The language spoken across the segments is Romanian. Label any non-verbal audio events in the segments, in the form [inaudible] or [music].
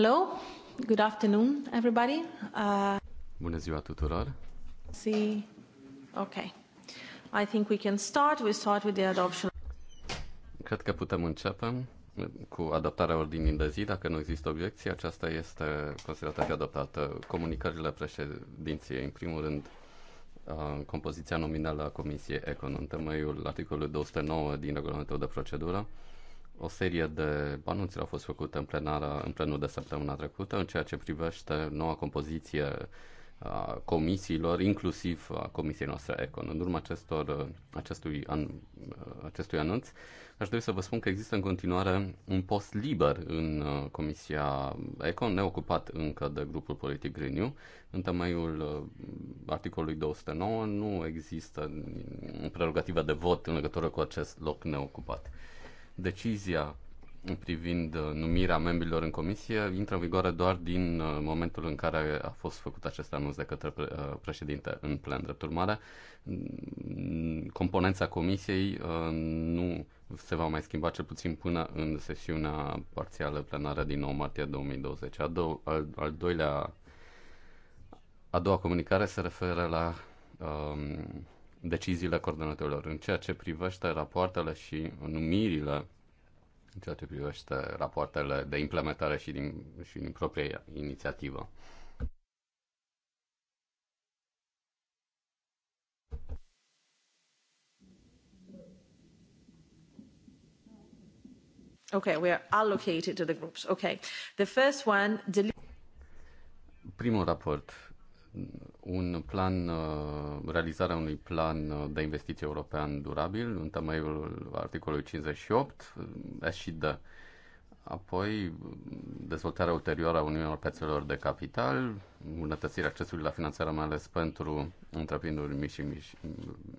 Hello, good afternoon, everybody. Uh, Bună ziua tuturor. See, okay. I think we can start. We start with the adoption. Cred că putem începe cu adoptarea ordinii de zi. Dacă nu există obiecții, aceasta este considerată fi adoptată. Comunicările președinției, în primul rând, uh, compoziția nominală a Comisiei Econ, în temeiul articolului 209 din regulamentul de procedură, o serie de anunțuri au fost făcute în, plenară, în plenul de săptămâna trecută în ceea ce privește noua compoziție a comisiilor, inclusiv a comisiei noastre Econ. În urma acestor, acestui, an, acestui anunț, aș dori să vă spun că există în continuare un post liber în uh, comisia Econ, neocupat încă de grupul politic Greeniu. În temeiul uh, articolului 209 nu există prerogativă de vot în legătură cu acest loc neocupat decizia privind uh, numirea membrilor în comisie intră în vigoare doar din uh, momentul în care a fost făcut acest anunț de către uh, președinte în plen. Drept urmare, mm, componența comisiei nu se va mai schimba cel puțin până în sesiunea parțială plenară din 9 martie 2020. A do- al, al doilea, a doua comunicare se referă la um, deciziile coordonatorilor. În ceea ce privește rapoartele și numirile, în ceea ce privește rapoartele de implementare și din, și din propria inițiativă. Okay, we are allocated to the groups. Okay. The first one, Primul raport un plan, uh, realizarea unui plan uh, de investiții european durabil în temeiul articolului 58, uh, S și Apoi, dezvoltarea ulterioară a Uniunii Piețelor de Capital, îmbunătățirea accesului la finanțare, mai ales pentru întreprinderi mici și, mici,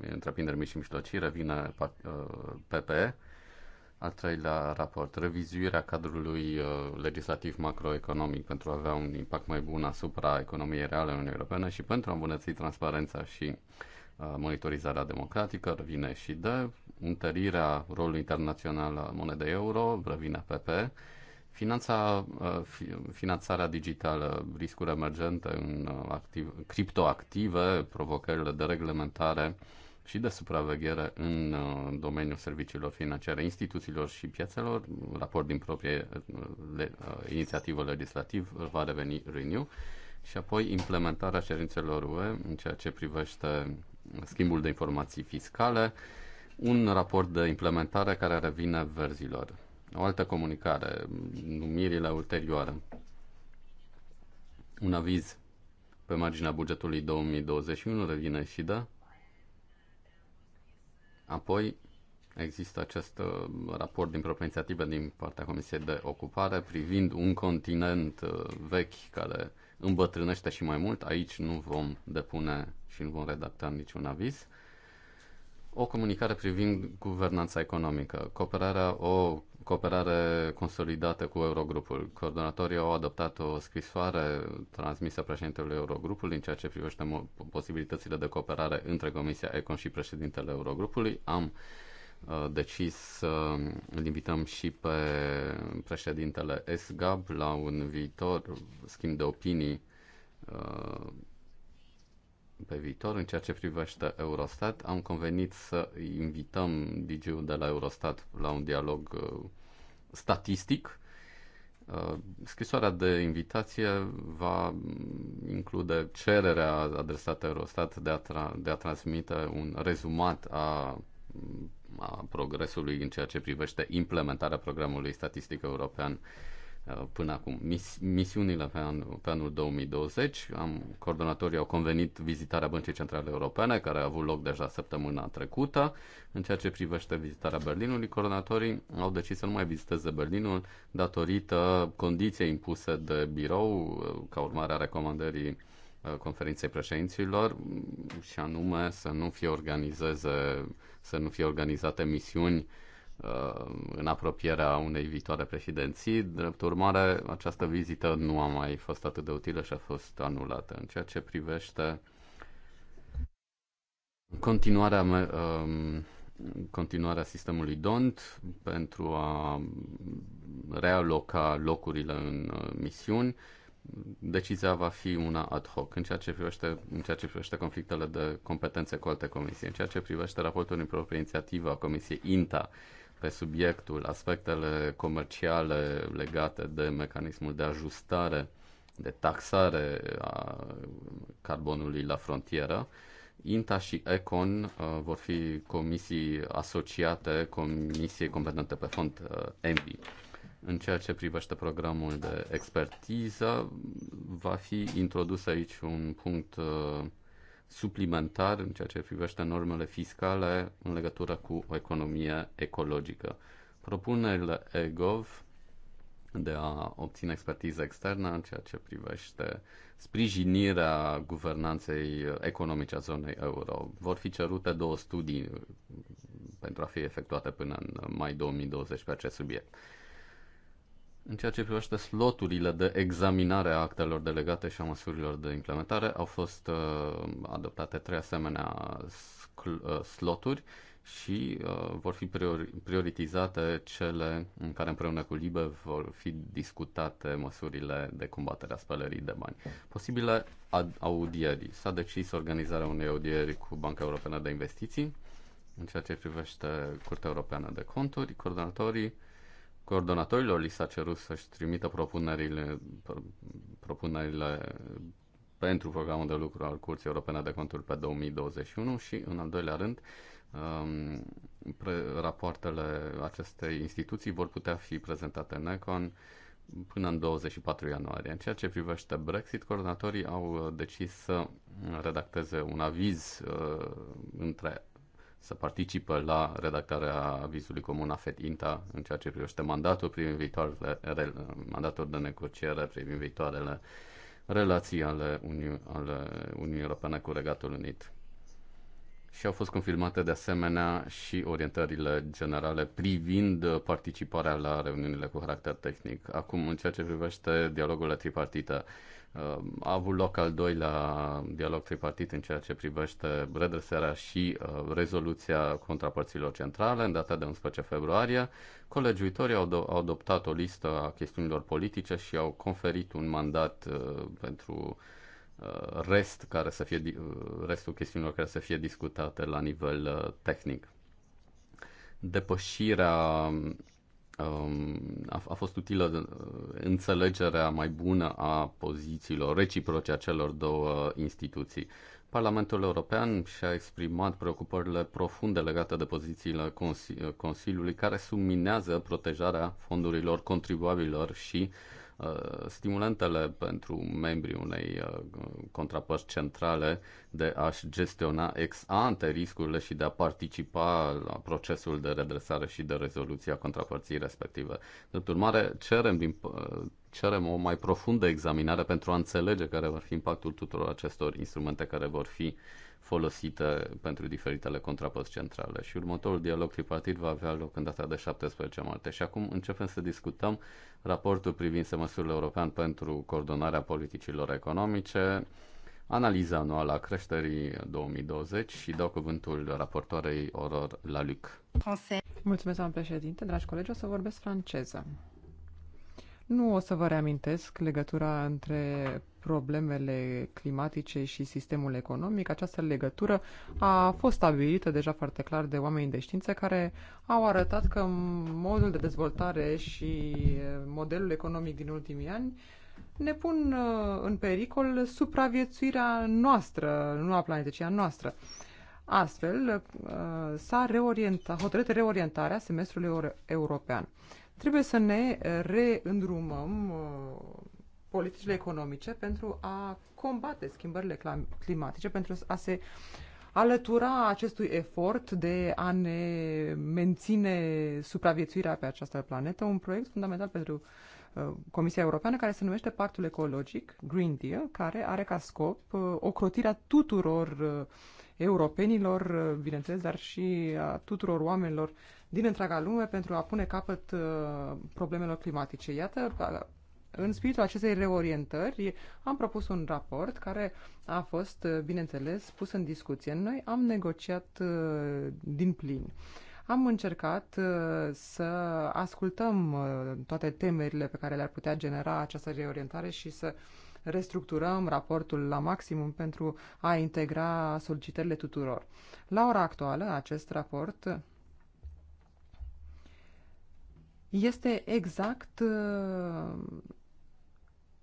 întreprinderi mici și mijlocii, revine PPE, al treilea raport, revizuirea cadrului uh, legislativ macroeconomic pentru a avea un impact mai bun asupra economiei reale în Uniunea Europeană și pentru a îmbunătăți transparența și uh, monitorizarea democratică, revine și de întărirea rolului internațional al monedei euro, revine PP, finanța, uh, finanțarea digitală, riscuri emergente în activ, criptoactive, provocările de reglementare, și de supraveghere în uh, domeniul serviciilor financiare, instituțiilor și piețelor, raport din proprie uh, le, uh, inițiativă legislativ va reveni Renew și apoi implementarea cerințelor UE în ceea ce privește schimbul de informații fiscale, un raport de implementare care revine verzilor. O altă comunicare, numirile ulterioare, un aviz pe marginea bugetului 2021 revine și da, Apoi există acest uh, raport din propria inițiativă din partea Comisiei de Ocupare privind un continent uh, vechi care îmbătrânește și mai mult. Aici nu vom depune și nu vom redacta niciun aviz o comunicare privind guvernanța economică, cooperarea, o cooperare consolidată cu Eurogrupul. Coordonatorii au adoptat o scrisoare transmisă președintelui Eurogrupului în ceea ce privește posibilitățile de cooperare între Comisia Econ și președintele Eurogrupului. Am uh, decis să îl invităm și pe președintele SGAB la un viitor schimb de opinii uh, pe viitor. În ceea ce privește Eurostat, am convenit să invităm dg de la Eurostat la un dialog uh, statistic. Uh, scrisoarea de invitație va mm, include cererea adresată Eurostat de a, tra- de a transmite un rezumat a mm, a progresului în ceea ce privește implementarea programului statistic european Uh, până acum. Mis- misiunile pe, an, pe anul 2020, am, coordonatorii au convenit vizitarea Băncii Centrale Europene, care a avut loc deja săptămâna trecută. În ceea ce privește vizitarea Berlinului, coordonatorii au decis să nu mai viziteze Berlinul datorită condiției impuse de birou uh, ca urmare a recomandării uh, conferinței președinților mm, și anume să nu fie organizeze, să nu fie organizate misiuni uh, Uh, în apropierea unei viitoare președinții. Drept urmare, această vizită nu a mai fost atât de utilă și a fost anulată. În ceea ce privește continuarea, um, continuarea sistemului DONT pentru a realoca locurile în uh, misiuni, decizia va fi una ad hoc în ceea ce privește, în ceea ce privește conflictele de competențe cu alte comisii, în ceea ce privește raportul în proprie inițiativă a Comisiei INTA pe subiectul aspectele comerciale legate de mecanismul de ajustare, de taxare a carbonului la frontieră. INTA și ECON uh, vor fi comisii asociate comisiei competente pe fond uh, ENVI. În ceea ce privește programul de expertiză, va fi introdus aici un punct uh, suplimentar în ceea ce privește normele fiscale în legătură cu o economie ecologică. Propunerile EGOV de a obține expertiză externă în ceea ce privește sprijinirea guvernanței economice a zonei euro. Vor fi cerute două studii pentru a fi efectuate până în mai 2020 pe acest subiect. În ceea ce privește sloturile de examinare a actelor delegate și a măsurilor de implementare, au fost uh, adoptate trei asemenea uh, sloturi și uh, vor fi priori- prioritizate cele în care împreună cu LIBE vor fi discutate măsurile de combatere a spălării de bani. Posibile audieri. S-a decis organizarea unei audieri cu Banca Europeană de Investiții în ceea ce privește Curtea Europeană de Conturi, coordonatorii Coordonatorilor li s-a cerut să-și trimită propunerile, propunerile pentru programul de lucru al Curții Europene de Conturi pe 2021 și, în al doilea rând, um, rapoartele acestei instituții vor putea fi prezentate în ECON până în 24 ianuarie. În ceea ce privește Brexit, coordonatorii au decis să redacteze un aviz uh, între să participe la redactarea avizului comun a FED-INTA în ceea ce privește mandatul privind viitoarele, mandatul de negociere privind viitoarele relații ale, Uni- ale Uniunii Europene cu Regatul Unit. Și au fost confirmate de asemenea și orientările generale privind participarea la reuniunile cu caracter tehnic. Acum, în ceea ce privește dialogurile tripartite, a avut loc al doilea dialog tripartit în ceea ce privește redresarea și uh, rezoluția contrapărților centrale în data de 11 februarie. Colegiuitorii au, au adoptat o listă a chestiunilor politice și au conferit un mandat uh, pentru uh, rest care să fie, restul chestiunilor care să fie discutate la nivel tehnic. Depășirea Um, a, a fost utilă uh, înțelegerea mai bună a pozițiilor reciproce a celor două instituții. Parlamentul European și-a exprimat preocupările profunde legate de pozițiile Consiliului care subminează protejarea fondurilor contribuabililor și Uh, stimulentele pentru membrii unei uh, contrapărți centrale de a-și gestiona ex ante riscurile și de a participa la procesul de redresare și de rezoluție a contrapărții respective. Drept urmare, cerem din cerem o mai profundă examinare pentru a înțelege care va fi impactul tuturor acestor instrumente care vor fi folosite pentru diferitele contrapăți centrale. Și următorul dialog tripartit va avea loc în data de 17 martie. Și acum începem să discutăm raportul privind semestrul european pentru coordonarea politicilor economice, analiza anuală a creșterii 2020 și dau cuvântul raportoarei Oror Laluc. Mulțumesc, doamnă președinte, dragi colegi, o să vorbesc franceză. Nu o să vă reamintesc legătura între problemele climatice și sistemul economic. Această legătură a fost stabilită deja foarte clar de oameni de știință care au arătat că modul de dezvoltare și modelul economic din ultimii ani ne pun uh, în pericol supraviețuirea noastră, nu a planetei, ci a noastră. Astfel, uh, s-a reorientat, hotărât reorientarea semestrului european. Trebuie să ne uh, reîndrumăm uh, politicile economice pentru a combate schimbările climatice, pentru a se alătura acestui efort de a ne menține supraviețuirea pe această planetă, un proiect fundamental pentru uh, Comisia Europeană care se numește Pactul Ecologic, Green Deal, care are ca scop ocrotirea tuturor europenilor, bineînțeles, dar și a tuturor oamenilor din întreaga lume pentru a pune capăt uh, problemelor climatice. Iată, uh, în spiritul acestei reorientări am propus un raport care a fost, uh, bineînțeles, pus în discuție. Noi am negociat din plin. Am încercat să ascultăm toate temerile pe care le-ar putea genera această reorientare și să restructurăm raportul la maximum pentru a integra solicitările tuturor. La ora actuală, acest raport este exact. Uh,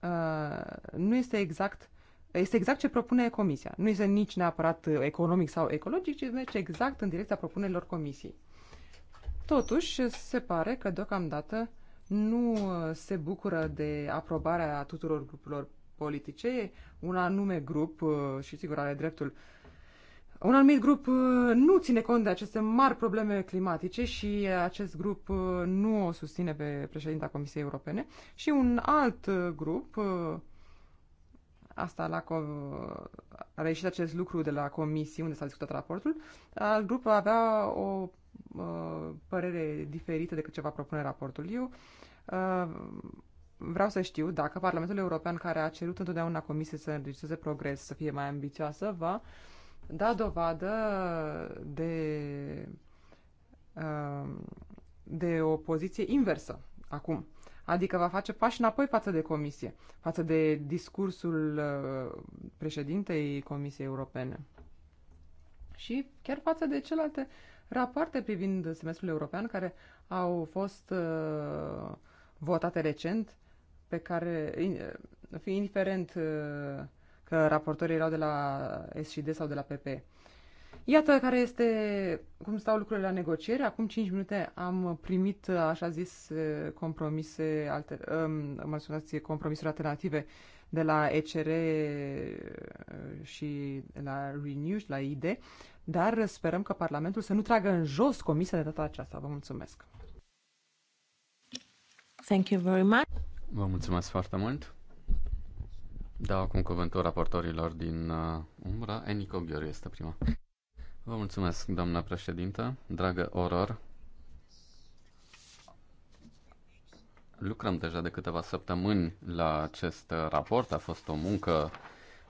uh, nu este exact. Este exact ce propune Comisia. Nu este nici neapărat economic sau ecologic, ci merge exact în direcția propunerilor Comisiei. Totuși, se pare că deocamdată nu se bucură de aprobarea tuturor grupurilor politice. Un anume grup, uh, și sigur are dreptul, uh, un anumit grup uh, nu ține cont de aceste mari probleme climatice și uh, acest grup uh, nu o susține pe președinta Comisiei Europene și un alt grup, asta la a reieșit acest lucru de la Comisie unde s-a discutat raportul, alt grup avea o părere diferită decât ce va propune raportul. Eu vreau să știu dacă Parlamentul European, care a cerut întotdeauna Comisie să înregistreze progres, să fie mai ambițioasă, va uh, da dovadă de, uh, de o poziție inversă acum. Adică va face pași înapoi față de comisie, față de discursul uh, președintei Comisiei Europene. Și chiar față de celelalte rapoarte privind semestrul european care au fost uh, votate recent, pe care, indiferent că raportorii erau de la SCD sau de la PP. Iată care este cum stau lucrurile la negociere. Acum 5 minute am primit, așa zis, compromise, alter, um, mă sunați, compromisuri alternative de la ECR uh, și de la Renew și la ID, dar sperăm că Parlamentul să nu tragă în jos comisia de data aceasta. Vă mulțumesc! Thank you very much! Vă mulțumesc foarte mult! Da, acum cuvântul raportorilor din uh, umbra. Enico Ghior este prima. Vă mulțumesc, doamna președintă. Dragă Oror, lucrăm deja de câteva săptămâni la acest uh, raport. A fost o muncă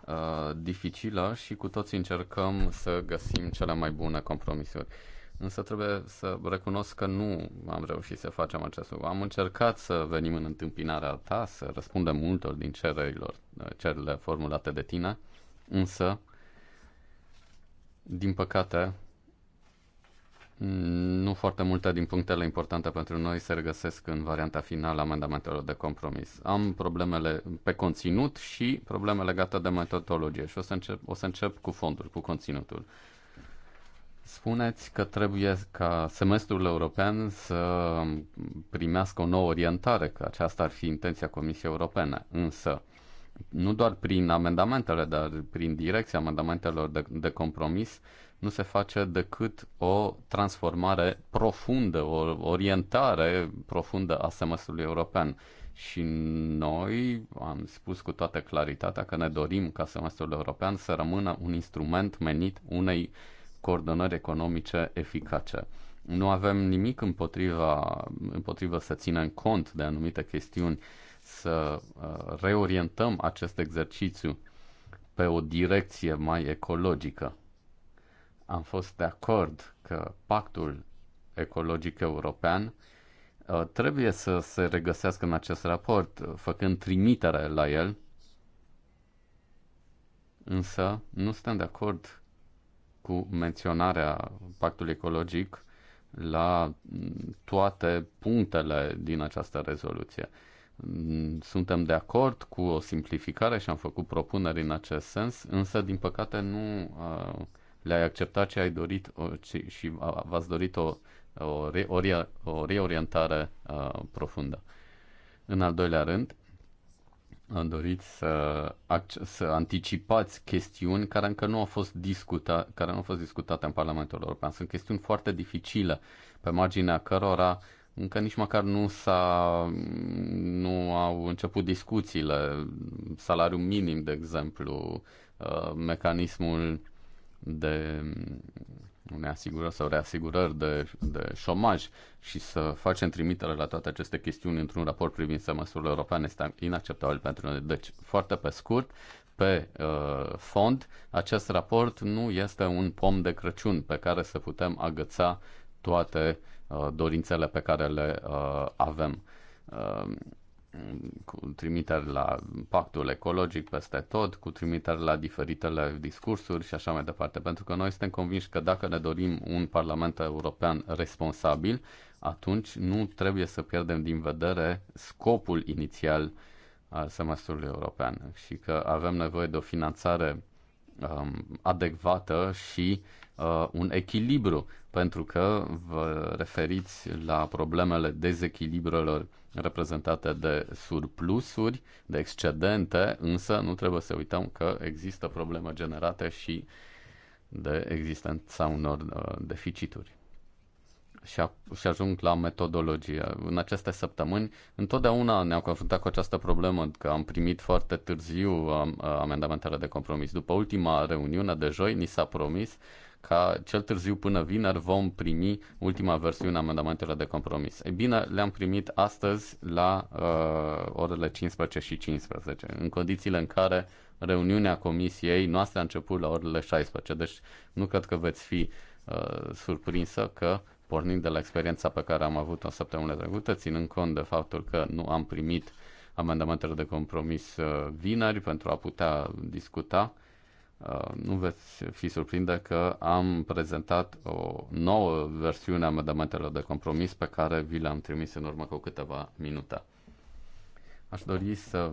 uh, dificilă și cu toți încercăm să găsim cele mai bune compromisuri. Uh, Însă trebuie să recunosc că nu am reușit să facem acest lucru. Am încercat să venim în întâmpinarea ta, să răspundem multor din cererilor, cererile formulate de tine, însă, din păcate, nu foarte multe din punctele importante pentru noi se regăsesc în varianta finală a amendamentelor de compromis. Am problemele pe conținut și probleme legate de metodologie și o să încep, o să încep cu fondul, cu conținutul. Spuneți că trebuie ca semestrul european să primească o nouă orientare, că aceasta ar fi intenția Comisiei Europene. Însă, nu doar prin amendamentele, dar prin direcția amendamentelor de, de compromis, nu se face decât o transformare profundă, o orientare profundă a semestrului european. Și noi am spus cu toată claritatea că ne dorim ca semestrul european să rămână un instrument menit unei uh, coordonări economice eficace. Nu avem nimic împotriva, împotriva să ținem cont de anumite chestiuni, să uh, reorientăm acest exercițiu pe o direcție mai ecologică. Am fost de acord că pactul ecologic european uh, trebuie să se regăsească în acest raport, făcând trimitere la el, însă nu suntem de acord cu menționarea pactului ecologic la toate punctele din această rezoluție. Suntem de acord cu o simplificare și am făcut propuneri în acest sens, însă, din păcate, nu uh, le-ai acceptat ce ai dorit și v-ați dorit o, o, re, o, re, o reorientare uh, profundă. În al doilea rând, dorit să, să anticipați chestiuni care încă nu au fost, discuta, care nu au fost discutate în Parlamentul European. Sunt chestiuni foarte dificile, pe marginea cărora încă nici măcar nu, s-a, nu au început discuțiile. Salariul minim, de exemplu, uh, mecanismul de ne asigură sau reasigurări de, de șomaj și să facem trimitere la toate aceste chestiuni într-un raport privind semestrul european este inacceptabil pentru noi. Deci, foarte pe scurt, pe uh, fond, acest raport nu este un pom de Crăciun pe care să putem agăța toate uh, dorințele pe care le uh, avem. Uh, cu trimitere la pactul ecologic peste tot, cu trimitere la diferitele discursuri și așa mai departe. Pentru că noi suntem convinși că dacă ne dorim un Parlament European responsabil, atunci nu trebuie să pierdem din vedere scopul inițial al semestrului european și că avem nevoie de o finanțare um, adecvată și uh, un echilibru, pentru că vă referiți la problemele dezechilibrelor reprezentate de surplusuri, de excedente, însă nu trebuie să uităm că există probleme generate și de existența unor uh, deficituri. Și, a, și ajung la metodologie. În aceste săptămâni, întotdeauna ne-am confruntat cu această problemă, că am primit foarte târziu um, uh, amendamentele de compromis. După ultima reuniune de joi, ni s-a promis uh, ca cel târziu până vineri vom primi ultima versiune a amendamentelor de compromis. E bine, le-am primit astăzi la uh, orele 15 și 15, în condițiile în care reuniunea comisiei noastră a început la orele 16, deci nu cred că veți fi uh, surprinsă că pornind de la experiența pe care am avut-o săptămâna trecută, ținând cont de faptul că nu am primit amendamentele de compromis uh, vineri pentru a putea discuta, Uh, nu veți fi surprinde că am prezentat o nouă versiune a amendamentelor de compromis pe care vi le-am trimis în urmă cu câteva minute. Aș dori să,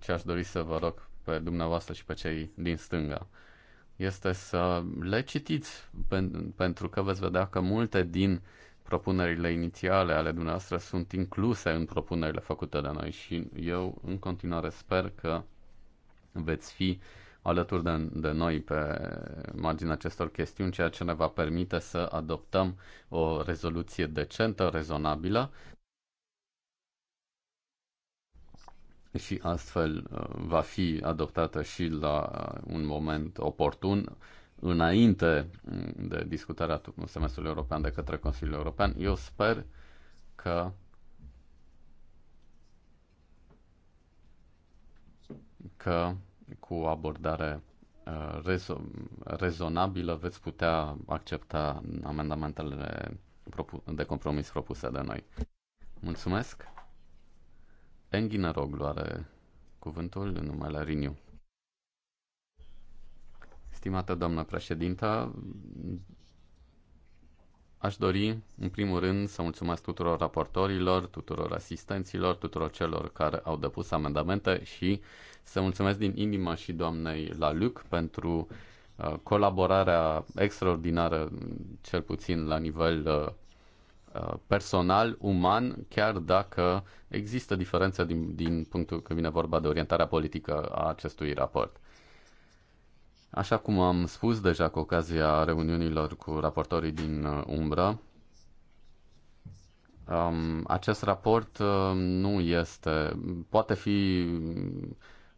ce aș dori să vă rog pe dumneavoastră și pe cei din stânga este să le citiți, pen, pentru că veți vedea că multe din propunerile inițiale ale dumneavoastră sunt incluse în propunerile făcute de noi și eu în continuare sper că veți fi uh, alături de, de noi pe marginea acestor chestiuni, ceea ce ne va permite să adoptăm o rezoluție decentă, rezonabilă și astfel uh, va fi adoptată și la un moment oportun înainte mm, de discutarea semestrului european de către Consiliul European. Eu sper că că cu o abordare uh, rezo- rezonabilă veți putea accepta amendamentele de compromis propuse de noi. Mulțumesc! Enghină Roglu are cuvântul în numele Riniu. Stimată doamnă președintă, Aș dori, în primul rând, să mulțumesc tuturor raportorilor, tuturor asistenților, tuturor celor care au depus amendamente și să mulțumesc din inimă și doamnei Laluc pentru uh, colaborarea extraordinară, cel puțin la nivel uh, uh, personal, uman, chiar dacă există diferențe din, din punctul că vine vorba de orientarea politică a acestui raport. Așa cum am spus deja cu ocazia reuniunilor cu raportorii din uh, umbră, um, acest raport uh, nu este, poate fi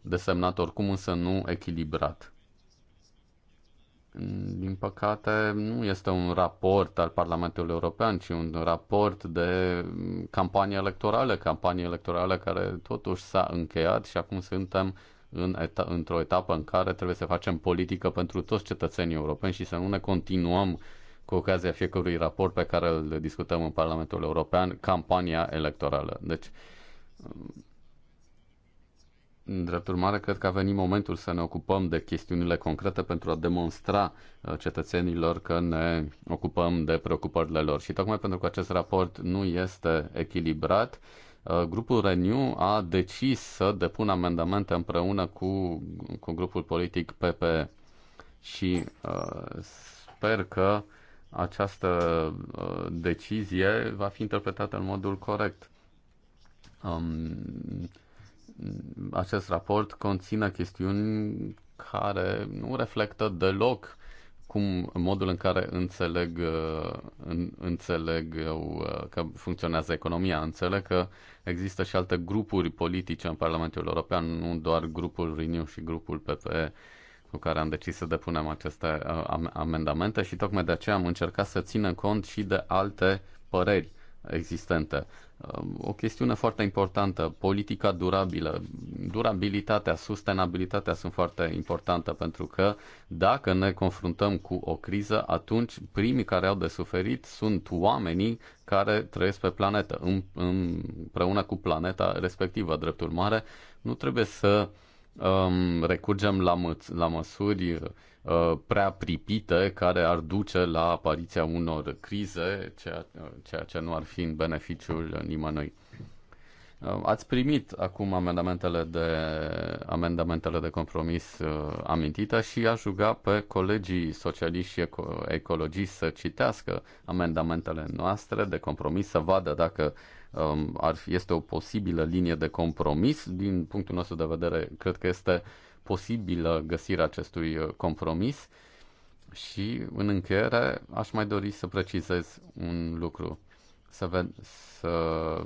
desemnat oricum, însă nu echilibrat. Din păcate, nu este un raport al Parlamentului European, ci un raport de campanie electorală, campanie electorală care totuși s-a încheiat și acum suntem în eta- într-o etapă în care trebuie să facem politică pentru toți cetățenii europeni și să nu ne continuăm cu ocazia fiecărui raport pe care îl discutăm în Parlamentul European, campania electorală. Deci, în drept urmare, cred că a venit momentul să ne ocupăm de chestiunile concrete pentru a demonstra uh, cetățenilor că ne ocupăm de preocupările lor. Și tocmai pentru că acest raport nu este echilibrat, Uh, grupul Renew a decis să depună amendamente împreună cu, cu grupul politic PPE și uh, sper că această uh, decizie va fi interpretată în modul corect. Um, acest raport conține chestiuni care nu reflectă deloc acum modul în care înțeleg, uh, în, înțeleg eu uh, că funcționează economia. Înțeleg că există și alte grupuri politice în Parlamentul European, nu doar grupul Renew și grupul PPE cu care am decis să depunem aceste uh, amendamente și tocmai de aceea am încercat să ținem cont și de alte păreri existente. Um, o chestiune foarte importantă, politica durabilă, durabilitatea, sustenabilitatea sunt foarte importante pentru că dacă ne confruntăm cu o criză, atunci primii care au de suferit sunt oamenii care trăiesc pe planetă, împreună cu planeta respectivă. Drept urmare, nu trebuie să um, recurgem la, mă- la măsuri Uh, prea pripite care ar duce la apariția unor crize, ceea, uh, ceea ce nu ar fi în beneficiul nimănui. Uh, ați primit acum amendamentele de, amendamentele de compromis uh, amintite și aș ruga pe colegii socialiști și eco- ecologiști să citească amendamentele noastre de compromis, să vadă dacă um, ar fi, este o posibilă linie de compromis. Din punctul nostru de vedere, cred că este uh, posibilă găsirea acestui uh, compromis și în încheiere aș mai dori să precizez un lucru. Să, ven- să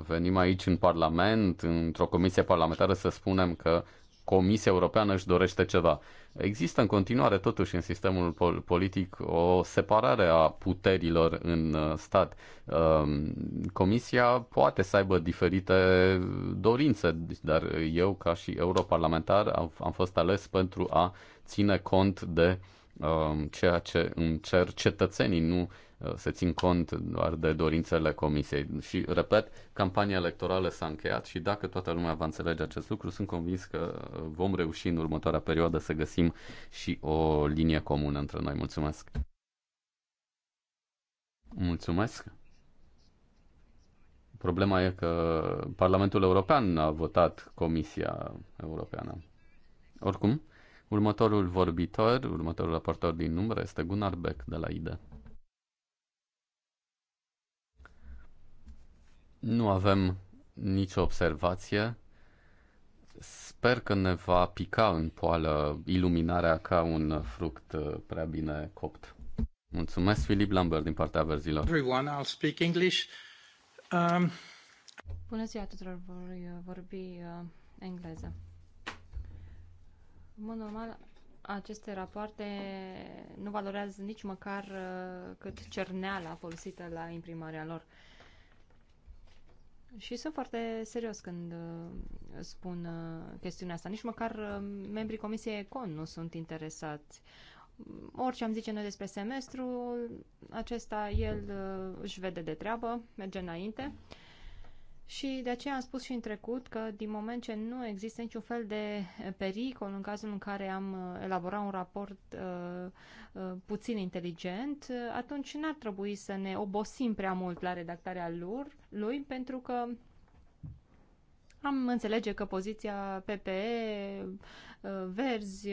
venim aici în Parlament, într-o comisie parlamentară, să spunem că Comisia Europeană își dorește ceva. Există în continuare, totuși, în sistemul politic o separare a puterilor în uh, stat. Um, Comisia poate să aibă diferite dorințe, dar eu, ca și europarlamentar, am fost ales pentru a ține cont de uh, Um, ceea ce îmi cer cetățenii, nu uh, se țin cont doar de dorințele comisiei. Și, repet, campania electorală s-a încheiat și dacă toată lumea va înțelege acest lucru, sunt convins că uh, vom reuși în următoarea perioadă să găsim și o linie comună între noi. Mulțumesc! Mulțumesc! Problema e că Parlamentul European a votat Comisia Europeană. Oricum, Următorul vorbitor, următorul raportor din număr este Gunnar Beck de la IDE. Nu avem nicio observație. Sper că ne va pica în poală iluminarea ca un fruct uh, prea bine copt. Mulțumesc, Filip Lambert, din partea verzilor. Everyone, I'll speak English. Um... Bună ziua tuturor, voi uh, vorbi uh, engleză. În mod normal, aceste rapoarte nu valorează nici măcar uh, cât cerneala folosită la imprimarea lor. Și sunt foarte serios când uh, spun uh, chestiunea asta. Nici măcar membrii Comisiei Econ nu sunt interesați. Orice am zice noi despre semestru, acesta el își vede de treabă, merge înainte. Și de aceea am spus și în trecut că din moment ce nu există niciun fel de pericol în cazul în care am uh, elaborat un raport uh, uh, puțin inteligent, uh, atunci n-ar trebui să ne obosim prea mult la redactarea lor, lui, pentru că am înțelege că poziția PPE, uh, verzi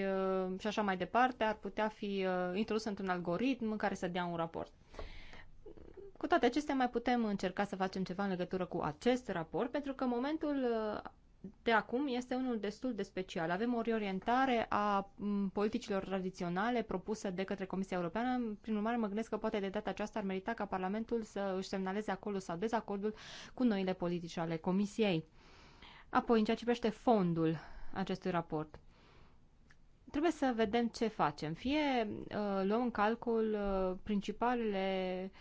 și așa mai departe ar putea fi introdusă într-un algoritm în care să dea un raport. Cu toate acestea, mai putem încerca să facem ceva în legătură cu acest raport, pentru că momentul uh, de acum este unul destul de special. Avem o reorientare a mm, politicilor tradiționale propusă de către Comisia Europeană. Prin urmare, mă gândesc că poate de data aceasta ar merita ca Parlamentul să își semnaleze acolo sau dezacordul cu noile politici ale Comisiei. Apoi, în ceea ce privește fondul acestui raport, trebuie să vedem ce facem. Fie uh, luăm în calcul uh, principalele uh,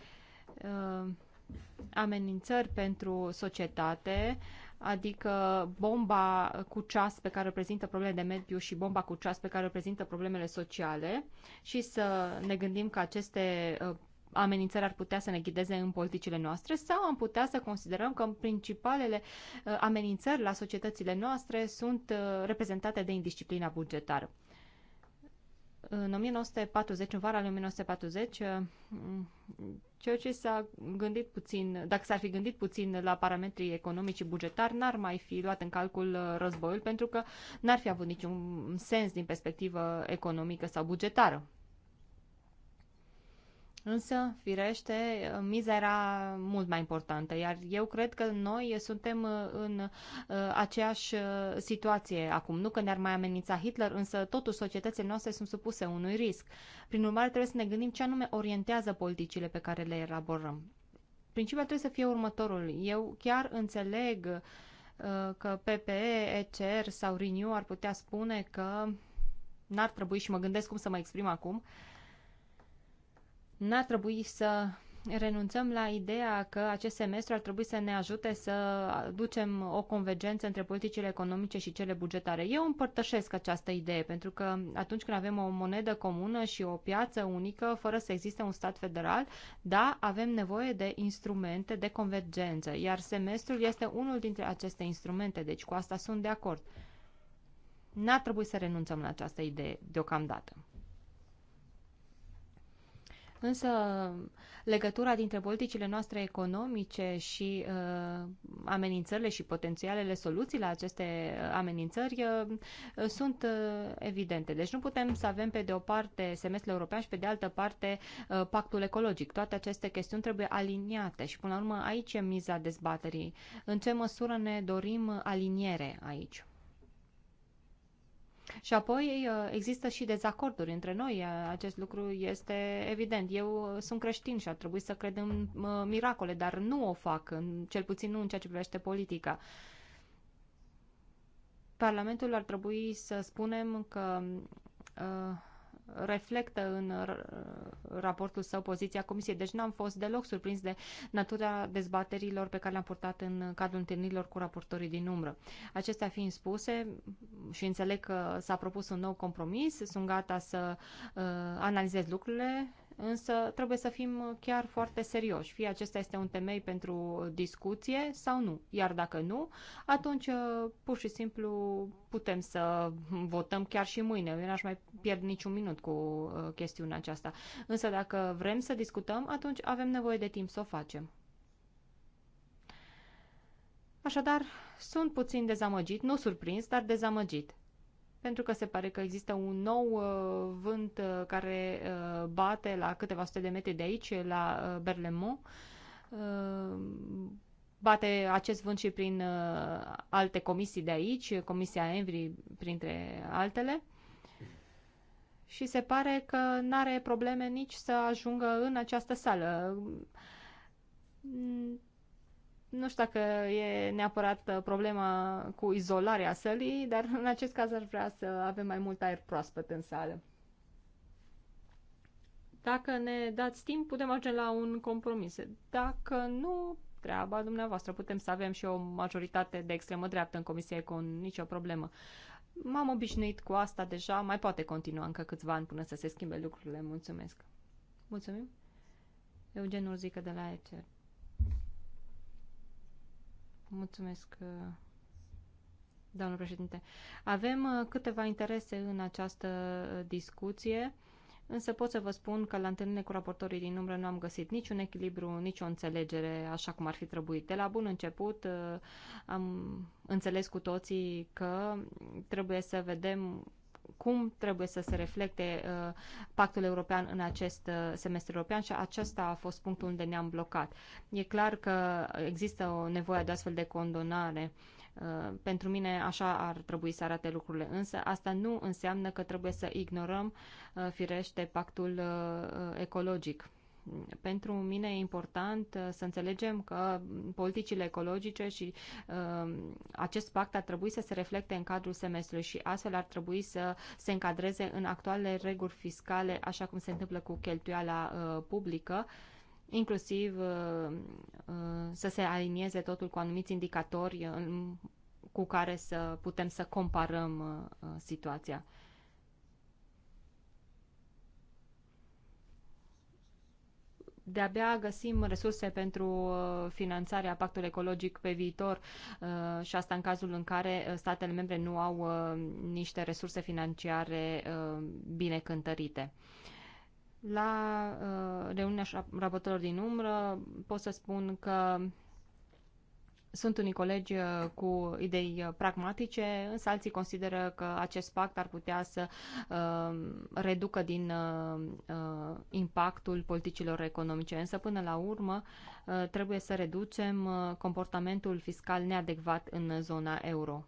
amenințări pentru societate, adică bomba cu ceas pe care reprezintă problemele de mediu și bomba cu ceas pe care reprezintă problemele sociale și să ne gândim că aceste uh, amenințări ar putea să ne ghideze în politicile noastre sau am putea să considerăm că principalele uh, amenințări la societățile noastre sunt uh, reprezentate de indisciplina bugetară. În 1940, în vara lui 1940, Churchill s-a gândit puțin, dacă s-ar fi gândit puțin la parametrii economici și bugetari, n-ar mai fi luat în calcul uh, războiul, pentru că n-ar fi avut niciun sens din perspectivă economică sau bugetară. Însă, firește, miza era mult mai importantă, iar eu cred că noi suntem uh, în uh, aceeași uh, situație acum. Nu că ne-ar mai amenința Hitler, însă totuși societățile noastre sunt supuse unui risc. Prin urmare, trebuie să ne gândim ce anume orientează politicile pe care le elaborăm. Principiul trebuie să fie următorul. Eu chiar înțeleg că PPE, ECR sau Renew ar putea spune că n-ar trebui, și mă gândesc cum să mă exprim acum, uh, n-ar trebui să renunțăm la ideea că acest semestru ar trebui să ne ajute să ducem o convergență între politicile economice și cele bugetare. Eu împărtășesc această idee, pentru că atunci când avem o monedă comună și o piață unică, fără să existe un stat federal, da, avem nevoie de instrumente de convergență, iar semestrul este unul dintre aceste instrumente, deci cu asta sunt de acord. N-ar trebui să renunțăm la această idee deocamdată. Însă legătura dintre politicile noastre economice și uh, amenințările și potențialele soluții la aceste uh, amenințări uh, sunt uh, evidente. Deci nu putem să avem pe de o parte semestrul european și pe de altă parte uh, pactul ecologic. Toate aceste chestiuni trebuie aliniate și până la urmă aici e miza dezbaterii. În ce măsură ne dorim aliniere aici? Și apoi uh, există și dezacorduri între noi, uh, acest lucru este evident. Eu uh, sunt creștin și ar trebui să cred în miracole, dar nu o fac, cel puțin nu în ceea ce privește politica. Parlamentul ar trebui să spunem că uh, reflectă în uh, raportul său poziția Comisiei. Deci n-am fost deloc surprins de natura dezbaterilor pe care le-am purtat în cadrul întâlnirilor cu raportorii din umbră. Acestea fiind spuse și înțeleg că s-a propus un nou compromis, sunt gata să uh, analizez lucrurile Însă trebuie să fim chiar foarte serioși. Fie acesta este un temei pentru discuție sau nu. Iar dacă nu, atunci uh, pur și simplu putem să votăm chiar și mâine. Eu n-aș mai pierd niciun minut cu uh, chestiunea aceasta. Însă dacă vrem să discutăm, atunci avem nevoie de timp să o facem. Așadar, sunt puțin dezamăgit, nu surprins, dar dezamăgit pentru că se pare că există un nou uh, vânt uh, care uh, bate la câteva sute de metri de aici, la Berlemont. Bate acest vânt și prin alte comisii de aici, Comisia Envri, printre altele. Și se pare că nu are probleme nici să ajungă în această sală nu știu dacă e neapărat uh, problema cu izolarea sălii, dar [laughs] în acest caz aș vrea să avem mai mult aer proaspăt în sală. Dacă ne dați timp, putem ajunge la un compromis. Dacă nu, treaba dumneavoastră. Putem să avem și o majoritate de extremă dreaptă în comisie, cu nicio problemă. M-am obișnuit cu asta deja, mai poate continua încă câțiva ani până să se schimbe lucrurile. Mulțumesc. Mulțumim. Eugen Urzică de la ECR. Mulțumesc, uh, doamnă președinte. Avem uh, câteva interese în această uh, discuție, însă pot să vă spun că la întâlnire cu raportorii din umbră nu am găsit niciun echilibru, nicio înțelegere așa cum ar fi trebuit. De la bun început am înțeles cu toții că trebuie să vedem cum trebuie să se reflecte uh, pactul european în acest uh, semestru european și acesta a fost punctul unde ne-am blocat. E clar că există o nevoie de astfel de condonare. Uh, pentru mine așa ar trebui să arate lucrurile, însă asta nu înseamnă că trebuie să ignorăm uh, firește pactul uh, ecologic. Pentru mine e important uh, să înțelegem că politicile ecologice și uh, acest pact ar trebui să se reflecte în cadrul semestrului și astfel ar trebui să se încadreze în actualele reguli fiscale, așa cum se întâmplă cu cheltuiala uh, publică inclusiv să se alinieze totul cu anumiți indicatori cu care să putem să comparăm situația. de-abia găsim resurse pentru uh, finanțarea pactului ecologic pe viitor uh, și asta în cazul în care uh, statele membre nu au niște resurse financiare bine cântărite. La reuniunea raportorilor din umbră pot să spun că sunt unii colegi uh, cu idei uh, pragmatice, însă alții consideră că acest pact ar putea să uh, reducă din impactul politicilor economice. Însă, până la urmă, trebuie să reducem comportamentul fiscal neadecvat în zona euro.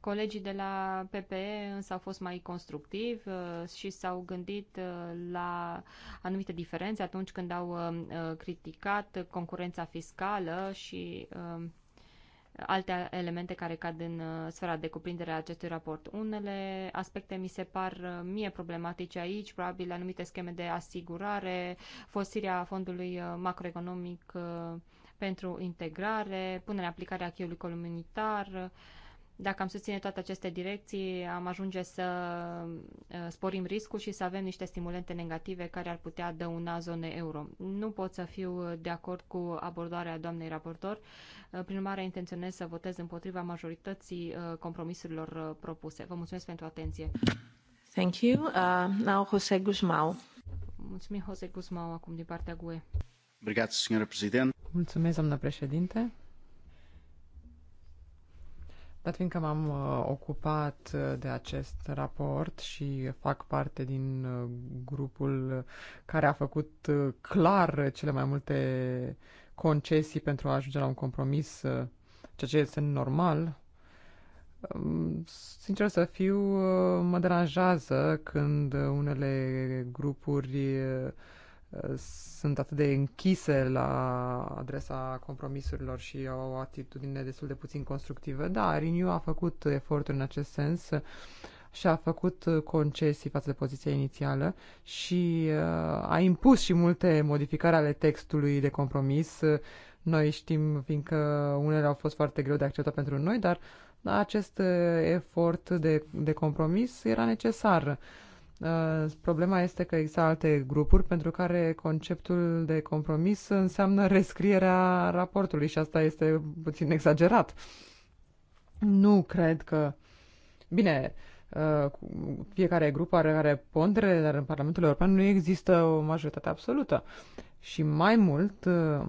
Colegii de la PPE însă au fost mai constructivi uh, și s-au gândit uh, la anumite diferențe atunci când au uh, criticat concurența fiscală și um, alte elemente care cad în sfera de cuprindere a acestui raport. Unele aspecte mi se par mie problematice aici, probabil anumite scheme de asigurare, fosirea fondului macroeconomic pentru integrare, punerea aplicare a comunitar, dacă am susține toate aceste direcții, am ajunge să uh, sporim riscul și să avem niște stimulente negative care ar putea dăuna zone euro. Nu pot să fiu de acord cu abordarea doamnei raportor. Uh, prin urmare, intenționez să votez împotriva majorității uh, compromisurilor propuse. Vă mulțumesc pentru atenție. Thank you. Uh, now Jose Guzmau. Mulțumim, Jose Guzmau, acum din partea GUE. Obrigado, Presidente. Mulțumesc, doamnă președinte. Dat fiindcă m-am uh, ocupat uh, de acest raport și fac parte din uh, grupul care a făcut clar cele mai multe concesii pentru a ajunge la un compromis, ceea ce este normal, um, sincer să fiu, mă deranjează când unele grupuri sunt atât de închise la adresa compromisurilor și au o atitudine destul de puțin constructivă. Da, Renew a făcut eforturi în acest sens și a făcut concesii față de poziția inițială și uh, a impus și multe modificări ale textului de compromis. Noi știm, fiindcă unele au fost foarte greu de acceptat pentru noi, dar acest uh, efort de, de compromis era necesar Uh, problema este că există alte grupuri pentru care conceptul de compromis înseamnă rescrierea raportului și asta este puțin exagerat. Nu cred că. Bine, uh, fiecare grup are, are pondere, dar în Parlamentul European nu există o majoritate absolută. Și mai mult, uh,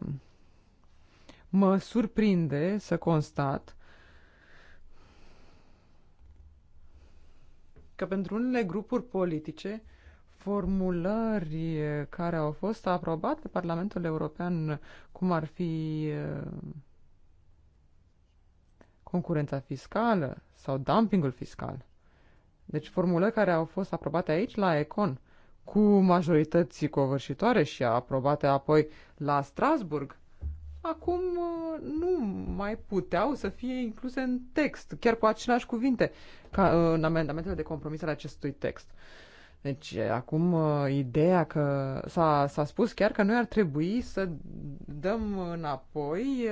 mă surprinde să constat că pentru unele grupuri politice, formulări care au fost aprobate de Parlamentul European, cum ar fi eh, concurența fiscală sau dumpingul fiscal. Deci formulări care au fost aprobate aici la Econ cu majorității covârșitoare și aprobate apoi la Strasburg acum uh, nu mai puteau să fie incluse în text, chiar cu aceleași cuvinte, ca uh, în amendamentele de compromis ale acestui text. Deci, acum, uh, ideea că s-a, s-a spus chiar că noi ar trebui să dăm înapoi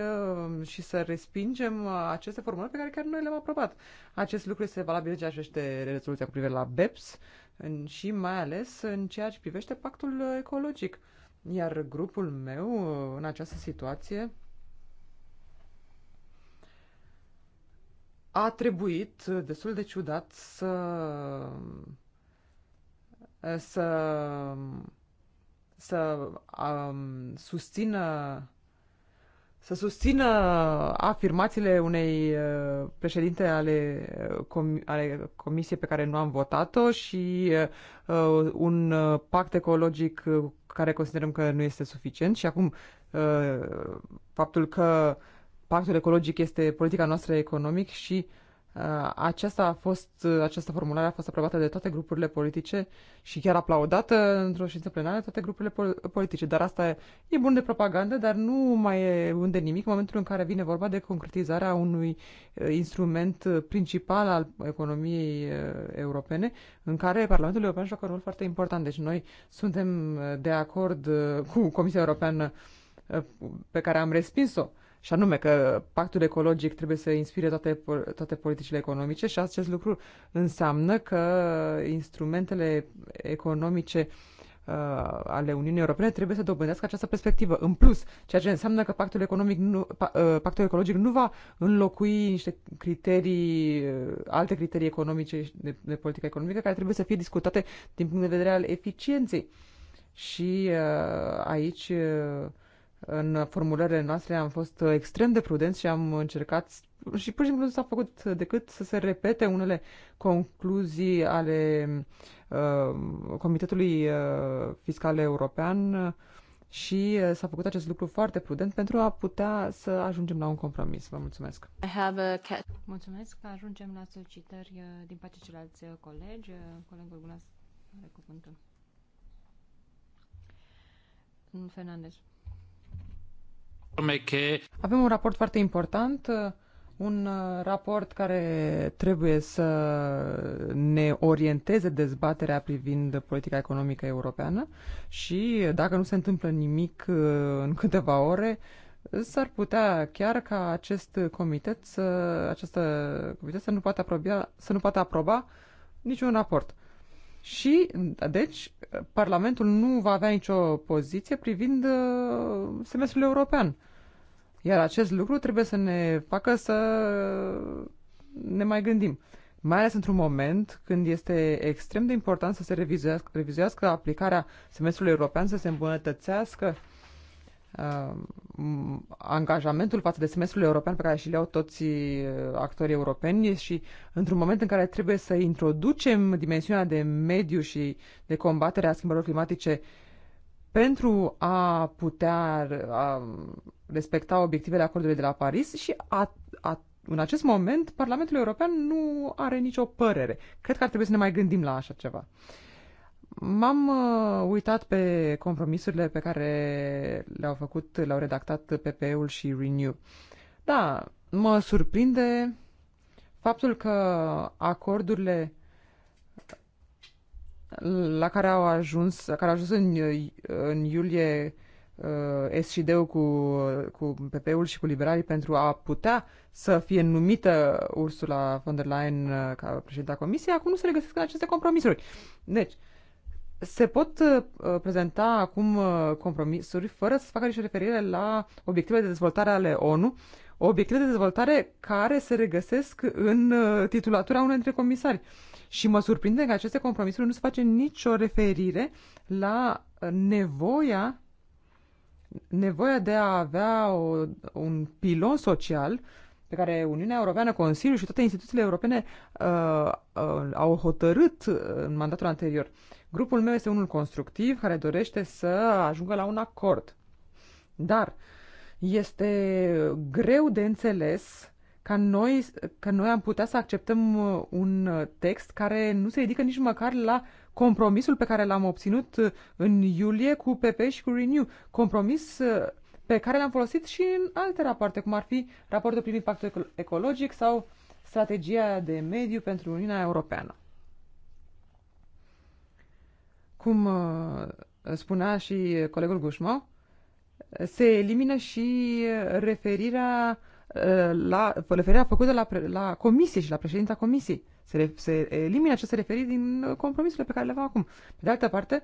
și să respingem aceste formulări pe care chiar noi le-am aprobat. Acest lucru este valabil în ceea ce privește rezoluția cu privire la BEPS în, și mai ales în ceea ce privește pactul ecologic. Uh, iar grupul meu în această situație a trebuit destul de ciudat să să să um, susțină să susțină afirmațiile unei uh, președinte ale, uh, com- ale comisiei pe care nu am votat-o și uh, uh un pact ecologic care considerăm că nu este suficient și acum uh, faptul că pactul ecologic este politica noastră economic și uh, Uh, aceasta a fost, uh, această formulare a fost aprobată de toate grupurile politice și chiar aplaudată într-o ședință plenară toate grupurile politice. Dar asta e, bun de propagandă, dar nu mai e bun de nimic în momentul în care vine vorba de concretizarea unui uh, instrument principal al economiei europene, în care Parlamentul European joacă un rol foarte important. Deci noi suntem de acord cu Comisia Europeană pe care am respins-o și anume că pactul ecologic trebuie să inspire toate, toate politicile economice și acest lucru înseamnă că instrumentele economice uh, ale Uniunii Europene trebuie să dobândească această perspectivă. În plus, ceea ce înseamnă că pactul, economic nu, pa, uh, pactul ecologic nu va înlocui niște criterii, uh, alte criterii economice de, de politică economică care trebuie să fie discutate din punct de vedere al eficienței. Și uh, aici uh, în formulările noastre am fost extrem de prudenți și am încercat și pur și simplu nu s-a făcut decât să se repete unele concluzii ale uh, Comitetului uh, Fiscal European și s-a făcut acest lucru foarte prudent pentru a putea să ajungem la un compromis. Vă mulțumesc! I have a mulțumesc că Ajungem la solicitări uh, din partea celorlalți uh, colegi. Uh, colegul Gunas are cuvântul. Fernandez. Avem un raport foarte important, un raport care trebuie să ne orienteze dezbaterea privind politica economică europeană și dacă nu se întâmplă nimic uh, în câteva ore, s-ar putea chiar ca acest comitet să, această comitet să nu poată aproba, să nu poată aproba niciun raport. Și, deci, Parlamentul nu va avea nicio poziție privind uh, semestrul european. Iar acest lucru trebuie să ne facă să ne mai gândim. Mai ales într-un moment când este extrem de important să se revizuiască, revizuiască aplicarea semestrului european, să se îmbunătățească uh, uh, angajamentul față de semestrul european pe care și le-au toți uh, actorii europeni și într-un moment în care trebuie să introducem dimensiunea de mediu și de combatere a schimbărilor climatice pentru a putea uh, a respecta obiectivele acordului de la Paris și a, a, în acest moment Parlamentul European nu are nicio părere. Cred că ar trebui să ne mai gândim la așa ceva. Uh, M-am uh, uitat pe compromisurile pe care le-au făcut, le-au redactat PPE-ul și Renew. Da, mă surprinde faptul că acordurile la care au ajuns, la care au ajuns în, în iulie uh, SCD-ul cu, cu PP-ul și cu liberalii pentru a putea să fie numită Ursula von der Leyen uh, ca președinta Comisiei, acum nu se regăsesc în aceste compromisuri. Deci, uh, se pot uh, prezenta acum uh, compromisuri fără să facă nicio referire la obiectivele de dezvoltare ale ONU, obiectivele de dezvoltare care se regăsesc în uh, titulatura unei dintre comisari. Și mă surprinde că aceste compromisuri nu se face nicio referire la nevoia nevoia de a avea o, un pilon social pe care Uniunea Europeană, Consiliul și toate instituțiile europene uh, uh, au hotărât în mandatul anterior. Uh, Grupul meu este unul constructiv care dorește să ajungă la un acord. Dar este greu de înțeles ca noi, că noi am putea să acceptăm uh, un uh, text care nu se ridică nici măcar la compromisul pe care l-am obținut uh, în iulie cu PP și cu Renew. Compromis pe care l-am folosit și în alte rapoarte, cum ar fi raportul privind pactul ecologic sau strategia de mediu pentru Uniunea Europeană cum uh, spunea și colegul Gușmo, se elimină și referirea uh, la referirea făcută la, la comisie și la președinta comisiei. Se, se elimină aceste referiri din compromisurile pe care le avem acum. Pe de altă parte,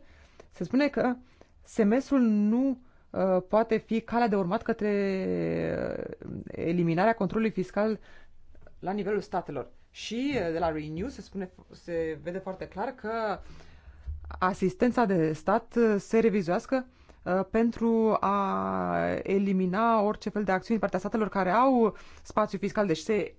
se spune că semestrul nu uh, poate fi calea de urmat către uh, eliminarea controlului fiscal la nivelul statelor. Și de la Renew se spune, se vede foarte clar că asistența de stat uh, se revizuiască uh, pentru a elimina orice fel de acțiuni din partea statelor care au spațiu fiscal. Deci se,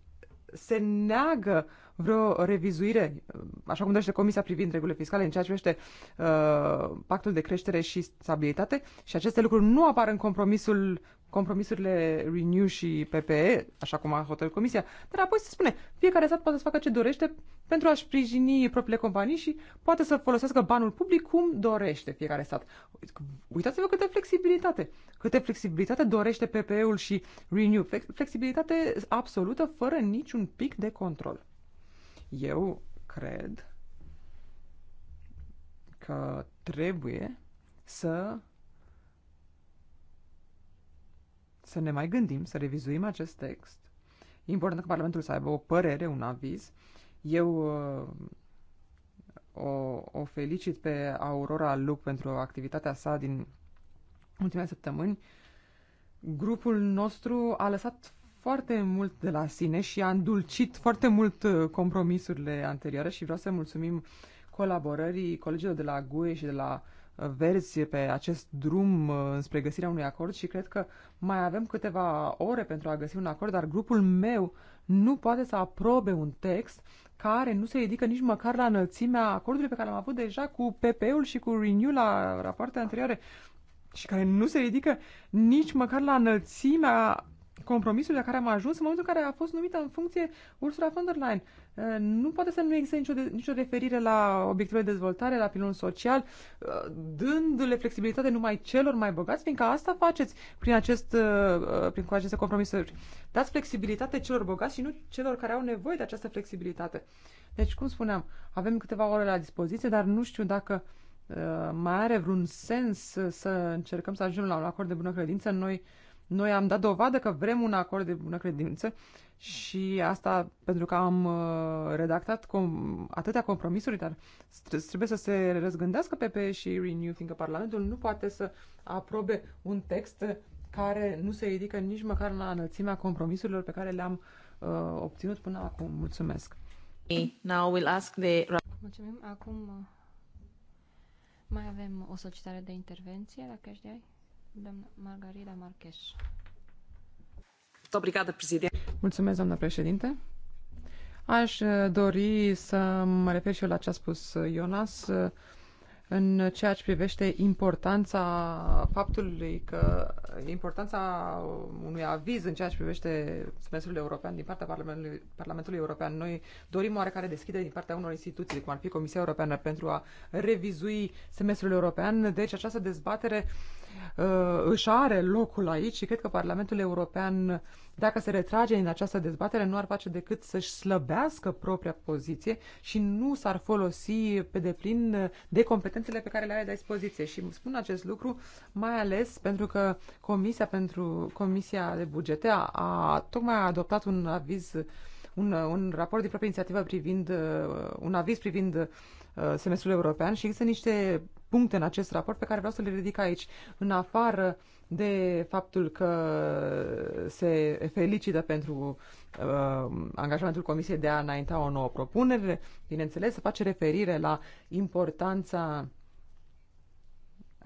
se neagă vreo revizuire, uh, așa cum dorește Comisia privind regulile fiscale în ceea ce privește uh, pactul de creștere și stabilitate și aceste lucruri nu apar în compromisul compromisurile Renew și PPE, așa cum a hotărât Comisia, dar apoi se spune, fiecare stat poate să facă ce dorește pentru a-și sprijini propriile companii și poate să folosească banul public cum dorește fiecare stat. Uitați-vă câtă flexibilitate, câtă flexibilitate dorește PPE-ul și Renew, flexibilitate absolută fără niciun pic de control. Eu cred că trebuie să să ne mai gândim, să revizuim acest text. E important că Parlamentul să aibă o părere, un aviz. Eu uh, o, o felicit pe Aurora Luc pentru activitatea sa din ultimele săptămâni. Grupul nostru a lăsat foarte mult de la sine și a îndulcit foarte mult uh, compromisurile anterioare și vreau să mulțumim colaborării colegilor de la GUE și de la uh, verzi pe acest drum uh, spre găsirea unui acord și cred că mai avem câteva ore pentru a găsi un acord, dar grupul meu nu poate să aprobe un text care nu se ridică nici măcar la înălțimea acordului pe care l-am avut deja cu PP-ul și cu Renew la rapoarte anterioare și care nu se ridică nici măcar la înălțimea compromisului la care am ajuns în momentul în care a fost numită în funcție Ursula von der Leyen nu poate să nu existe nicio, de, nicio referire la obiectivele de dezvoltare, la pilonul social, uh, dându-le flexibilitate numai celor mai bogați, fiindcă asta faceți prin, acest, uh, uh, prin cu aceste compromisuri. Dați flexibilitate celor bogați și nu celor care au nevoie de această flexibilitate. Deci, cum spuneam, avem câteva ore la dispoziție, dar nu știu dacă mai are vreun sens să încercăm să ajungem la un acord de bună credință. Noi uh, noi am dat dovadă că vrem un acord de bună credință și asta pentru că am uh, redactat com- atâtea compromisuri, dar trebuie să se răzgândească PP și Renew, fiindcă Parlamentul nu poate să aprobe un text care nu se ridică nici măcar la înălțimea compromisurilor pe care le-am uh, obținut până acum. Mulțumesc! Now we'll ask the... Mulțumim. Acum uh, mai avem o solicitare de intervenție, dacă aș de Doamna Mulțumesc, doamna președinte. Aș uh, dori să mă refer și eu la ce a spus uh, Ionas uh, în ceea ce privește importanța faptului că importanța unui aviz în ceea ce privește semestrul european din partea Parlamentului, Parlamentului European. Noi dorim oarecare deschidere din partea unor instituții, cum ar fi Comisia Europeană, pentru a revizui semestrul european. Deci această dezbatere uh, uh, își are locul aici și cred că Parlamentul European, dacă se retrage din această dezbatere, nu ar face decât să-și slăbească propria poziție și nu s-ar folosi pe deplin de competențele pe care le are la dispoziție. Și spun acest lucru mai ales pentru că Comisia, pentru Comisia de Bugete a, a tocmai a adoptat un aviz un, un raport de proprie inițiativă privind, uh, un aviz privind Uh, semestrul european și există niște puncte în acest raport pe care vreau să le ridic aici. În afară de faptul că se felicită pentru uh, angajamentul Comisiei de a înainta o nouă propunere, bineînțeles, se face referire la importanța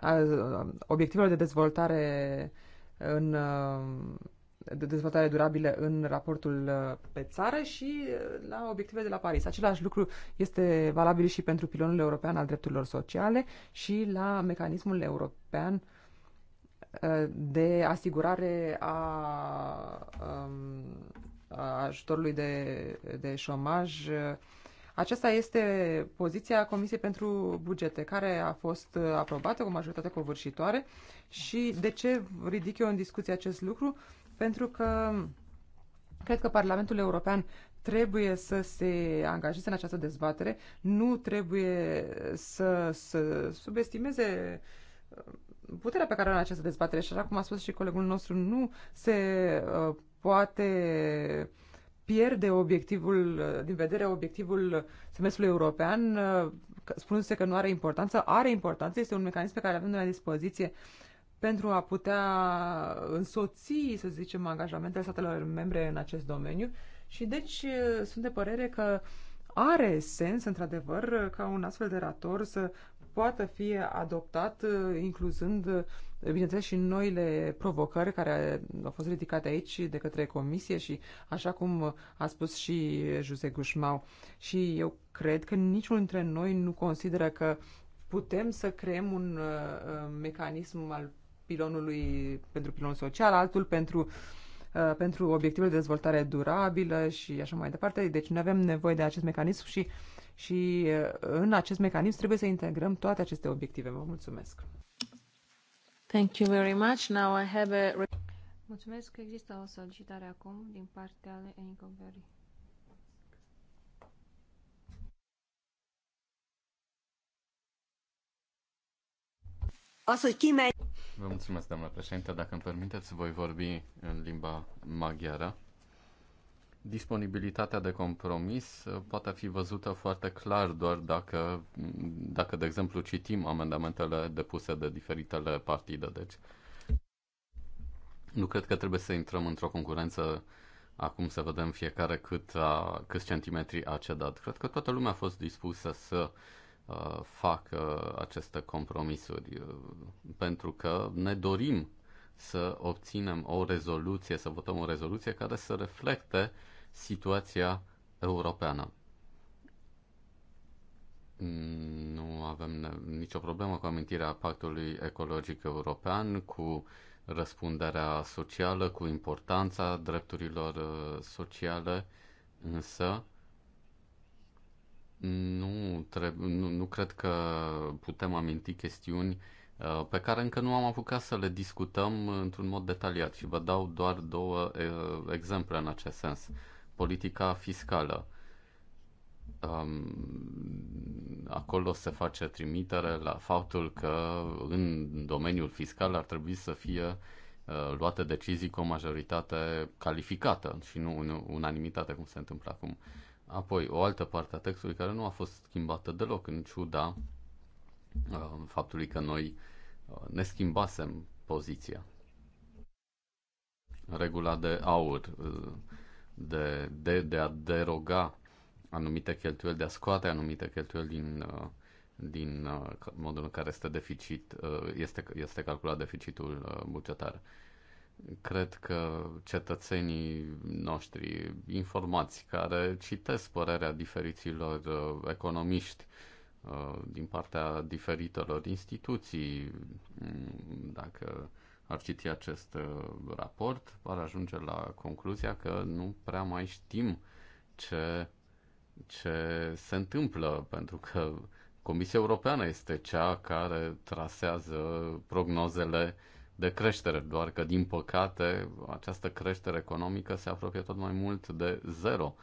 uh, obiectivelor de dezvoltare în uh, de dezvoltare durabilă în raportul uh, pe țară și uh, la obiectivele de la Paris. Același lucru este valabil și pentru pilonul european al drepturilor sociale și la mecanismul european uh, de asigurare a, um, a ajutorului de, de șomaj. Aceasta este poziția Comisiei pentru Bugete, care a fost aprobată cu majoritate covârșitoare. Și de ce ridic eu în discuție acest lucru? Uh, pentru că cred că Parlamentul European trebuie să se angajeze în această dezbatere, nu trebuie să, să subestimeze uh, puterea pe care o are în această dezbatere și așa cum a spus și colegul nostru, nu se uh, poate pierde obiectivul, uh, din vedere obiectivul semestrului european, uh, spunându-se că nu are importanță, are importanță, este un mecanism pe care îl avem la dispoziție uh, pentru a putea însoți, să zicem, angajamentele statelor membre în acest domeniu și deci sunt de părere că are sens, într-adevăr, ca un astfel de rator să poată fi adoptat, incluzând, bineînțeles, și noile provocări care au fost ridicate aici de către comisie și, așa cum a spus și Jose Gușmau, și eu cred că niciunul dintre noi nu consideră că putem să creăm un uh, mecanism al pilonului pentru pilonul social, altul pentru uh, pentru obiectivele de dezvoltare durabilă și așa mai departe. Deci ne avem nevoie de acest mecanism și, și uh, în acest mecanism trebuie să integrăm toate aceste obiective. Vă mulțumesc! Thank you very much. Now I have a... Mulțumesc că există o solicitare acum din partea lui Enrico Berry. az, hogy Vă mulțumesc, doamna președinte. Dacă îmi permiteți, voi vorbi în limba maghiară. Disponibilitatea de compromis uh, poate fi văzută foarte clar doar dacă, mm, dacă de exemplu, citim amendamentele depuse de diferitele partide. Deci, nu cred că trebuie să intrăm într-o concurență acum să vedem fiecare cât a, câți centimetri a cedat. Cred că toată lumea a fost dispusă să uh, Uh, fac aceste compromisuri, uh, pentru că ne dorim să obținem o rezoluție, să votăm o rezoluție care să reflecte situația europeană. Nu avem nicio problemă cu amintirea Pactului Ecologic European, cu răspunderea socială, cu importanța drepturilor uh, sociale, însă nu, trebuie, nu, nu cred că putem aminti chestiuni uh, pe care încă nu am apucat să le discutăm într-un mod detaliat și vă dau doar două uh, exemple în acest sens. Politica fiscală. Um, acolo se face trimitere la faptul că în domeniul fiscal ar trebui să fie uh, luate decizii cu o majoritate calificată și nu unanimitate, cum se întâmplă acum. Uh, Apoi, o altă parte a textului care nu a fost schimbată deloc, în ciuda uh, faptului că noi uh, ne schimbasem poziția. Regula de aur, uh, de, de, de a deroga anumite cheltuieli, de a scoate anumite cheltuieli din, uh, din uh, modul în care este, deficit, este, este calculat deficitul bugetar. Cred că cetățenii noștri informați care citesc părerea diferiților uh, economiști uh, din partea diferitelor instituții, mm, dacă ar citi acest uh, raport, ar ajunge la concluzia că nu prea mai știm ce, ce se întâmplă, pentru că Comisia Europeană este cea care trasează prognozele de creștere, doar că, din păcate, această creștere economică se apropie tot mai mult de zero.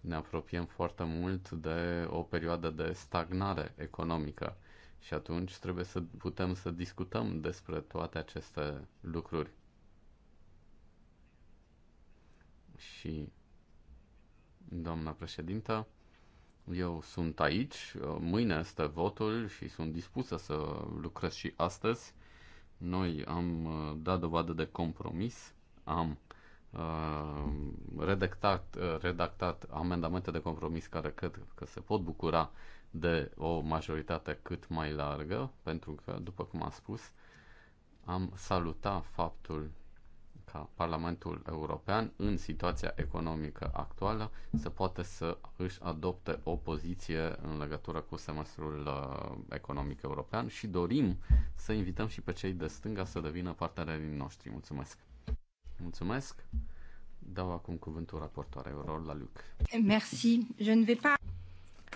Ne apropiem foarte mult de o perioadă de stagnare economică. Și atunci trebuie să putem să discutăm despre toate aceste lucruri. Și, doamna președintă, eu sunt aici, mâine este votul și sunt dispusă să lucrez și astăzi noi am uh, dat dovadă de compromis, am uh, redactat, uh, redactat amendamente de compromis care cred că se pot bucura de o majoritate cât mai largă, pentru că, după cum am spus, am salutat faptul ca Parlamentul European, în situația economică actuală, să poată să își adopte o poziție în legătură cu semestrul uh, economic european și dorim să invităm și pe cei de stânga să devină partenerii noștri. Mulțumesc! Mulțumesc! Dau acum cuvântul raportoarei la Luc. Merci. Je ne vais pas...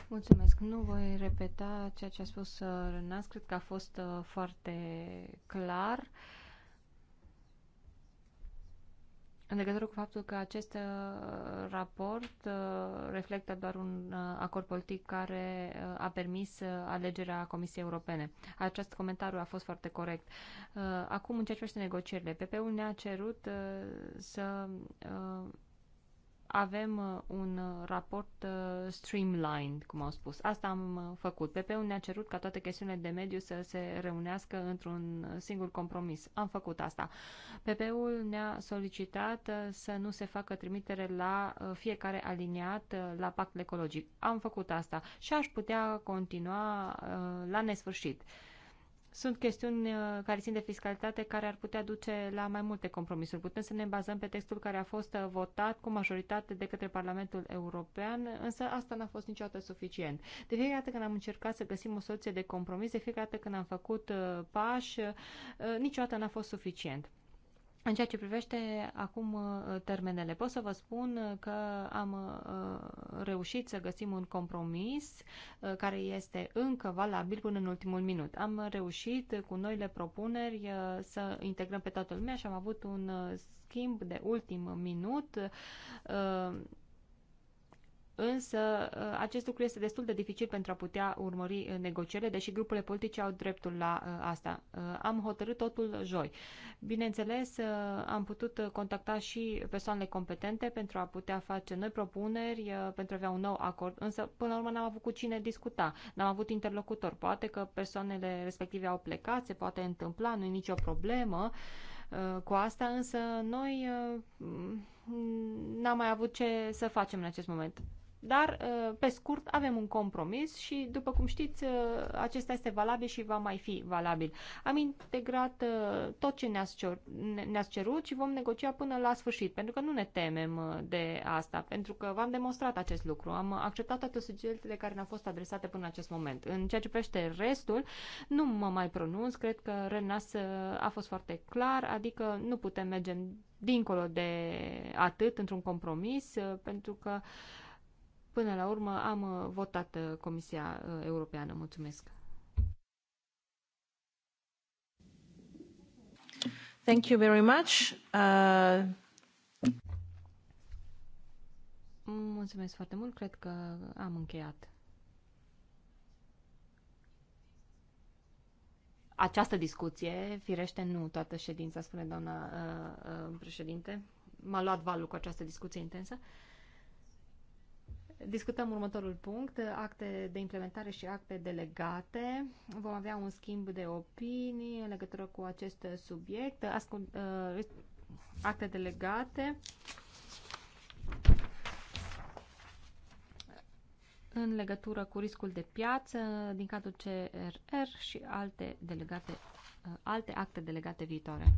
Mulțumesc. Nu voi repeta ceea ce a spus uh, Rănas. Cred că a fost uh, foarte clar. Uh, în legătură cu faptul că acest uh, raport uh, reflectă doar un uh, acord politic care a permis alegerea Comisiei Europene. Acest comentariu a fost foarte corect. Acum, în ceea ce privește negocierile, PP-ul ne-a cerut să avem uh, un uh, raport uh, streamlined, cum au spus. Asta am făcut. PP-ul ne-a cerut ca toate chestiunile de mediu să se reunească într-un singur compromis. Am făcut asta. PP-ul ne-a solicitat să nu se facă trimitere la fiecare aliniat la pactul ecologic. Am făcut asta și aș putea continua la nesfârșit. Sunt chestiuni uh, care țin de fiscalitate care ar putea duce la mai multe compromisuri. Putem să ne bazăm pe textul care a fost uh, votat cu majoritate de către Parlamentul European, însă asta n-a fost niciodată suficient. De fiecare dată când am încercat să găsim o soluție de compromis, de fiecare dată când am făcut uh, pași, niciodată n-a fost suficient. În ceea ce privește acum uh, termenele, pot să vă spun uh, că am uh, reușit să găsim un compromis care este încă valabil până în ultimul minut. Am reușit cu noile propuneri să integrăm pe toată lumea și am avut un schimb de ultim minut Însă uh, acest lucru este destul de dificil pentru a putea urmări uh, negocierile, deși grupurile politice au dreptul la uh, asta. Am hotărât totul joi. Bineînțeles, am putut contacta și persoanele competente pentru a putea face noi propuneri, pentru a avea un nou acord, însă până la urmă n-am avut cu cine discuta, n-am avut interlocutor. Poate că persoanele respective au plecat, se poate întâmpla, nu e nicio problemă cu asta, însă noi n-am mai avut ce să facem în acest moment. Dar, uh, pe scurt, avem un compromis și, după cum știți, uh, acesta este valabil și va mai fi valabil. Am integrat uh, tot ce ne-ați cerut și vom negocia până la sfârșit, pentru că nu ne temem de asta, pentru că v-am demonstrat acest lucru. Am acceptat toate sugestiile care ne-au fost adresate până în acest moment. În ceea ce privește restul, nu mă mai pronunț, cred că Renas a fost foarte clar, adică nu putem merge dincolo de atât într-un compromis, pentru că uh, Până la urmă am uh, votat uh, Comisia uh, Europeană. Mulțumesc! Thank you very much. Uh... Mulțumesc foarte mult. Cred că am încheiat. Această discuție, firește, nu toată ședința, spune doamna uh, uh, președinte. M-a luat valul cu această discuție intensă. Uh, Discutăm următorul punct, acte de implementare și acte delegate. Vom avea un schimb de opinii în legătură cu acest subiect. Ascult, uh, acte delegate. în legătură cu riscul de piață din cadrul CRR și alte, delegate, uh, alte acte delegate viitoare.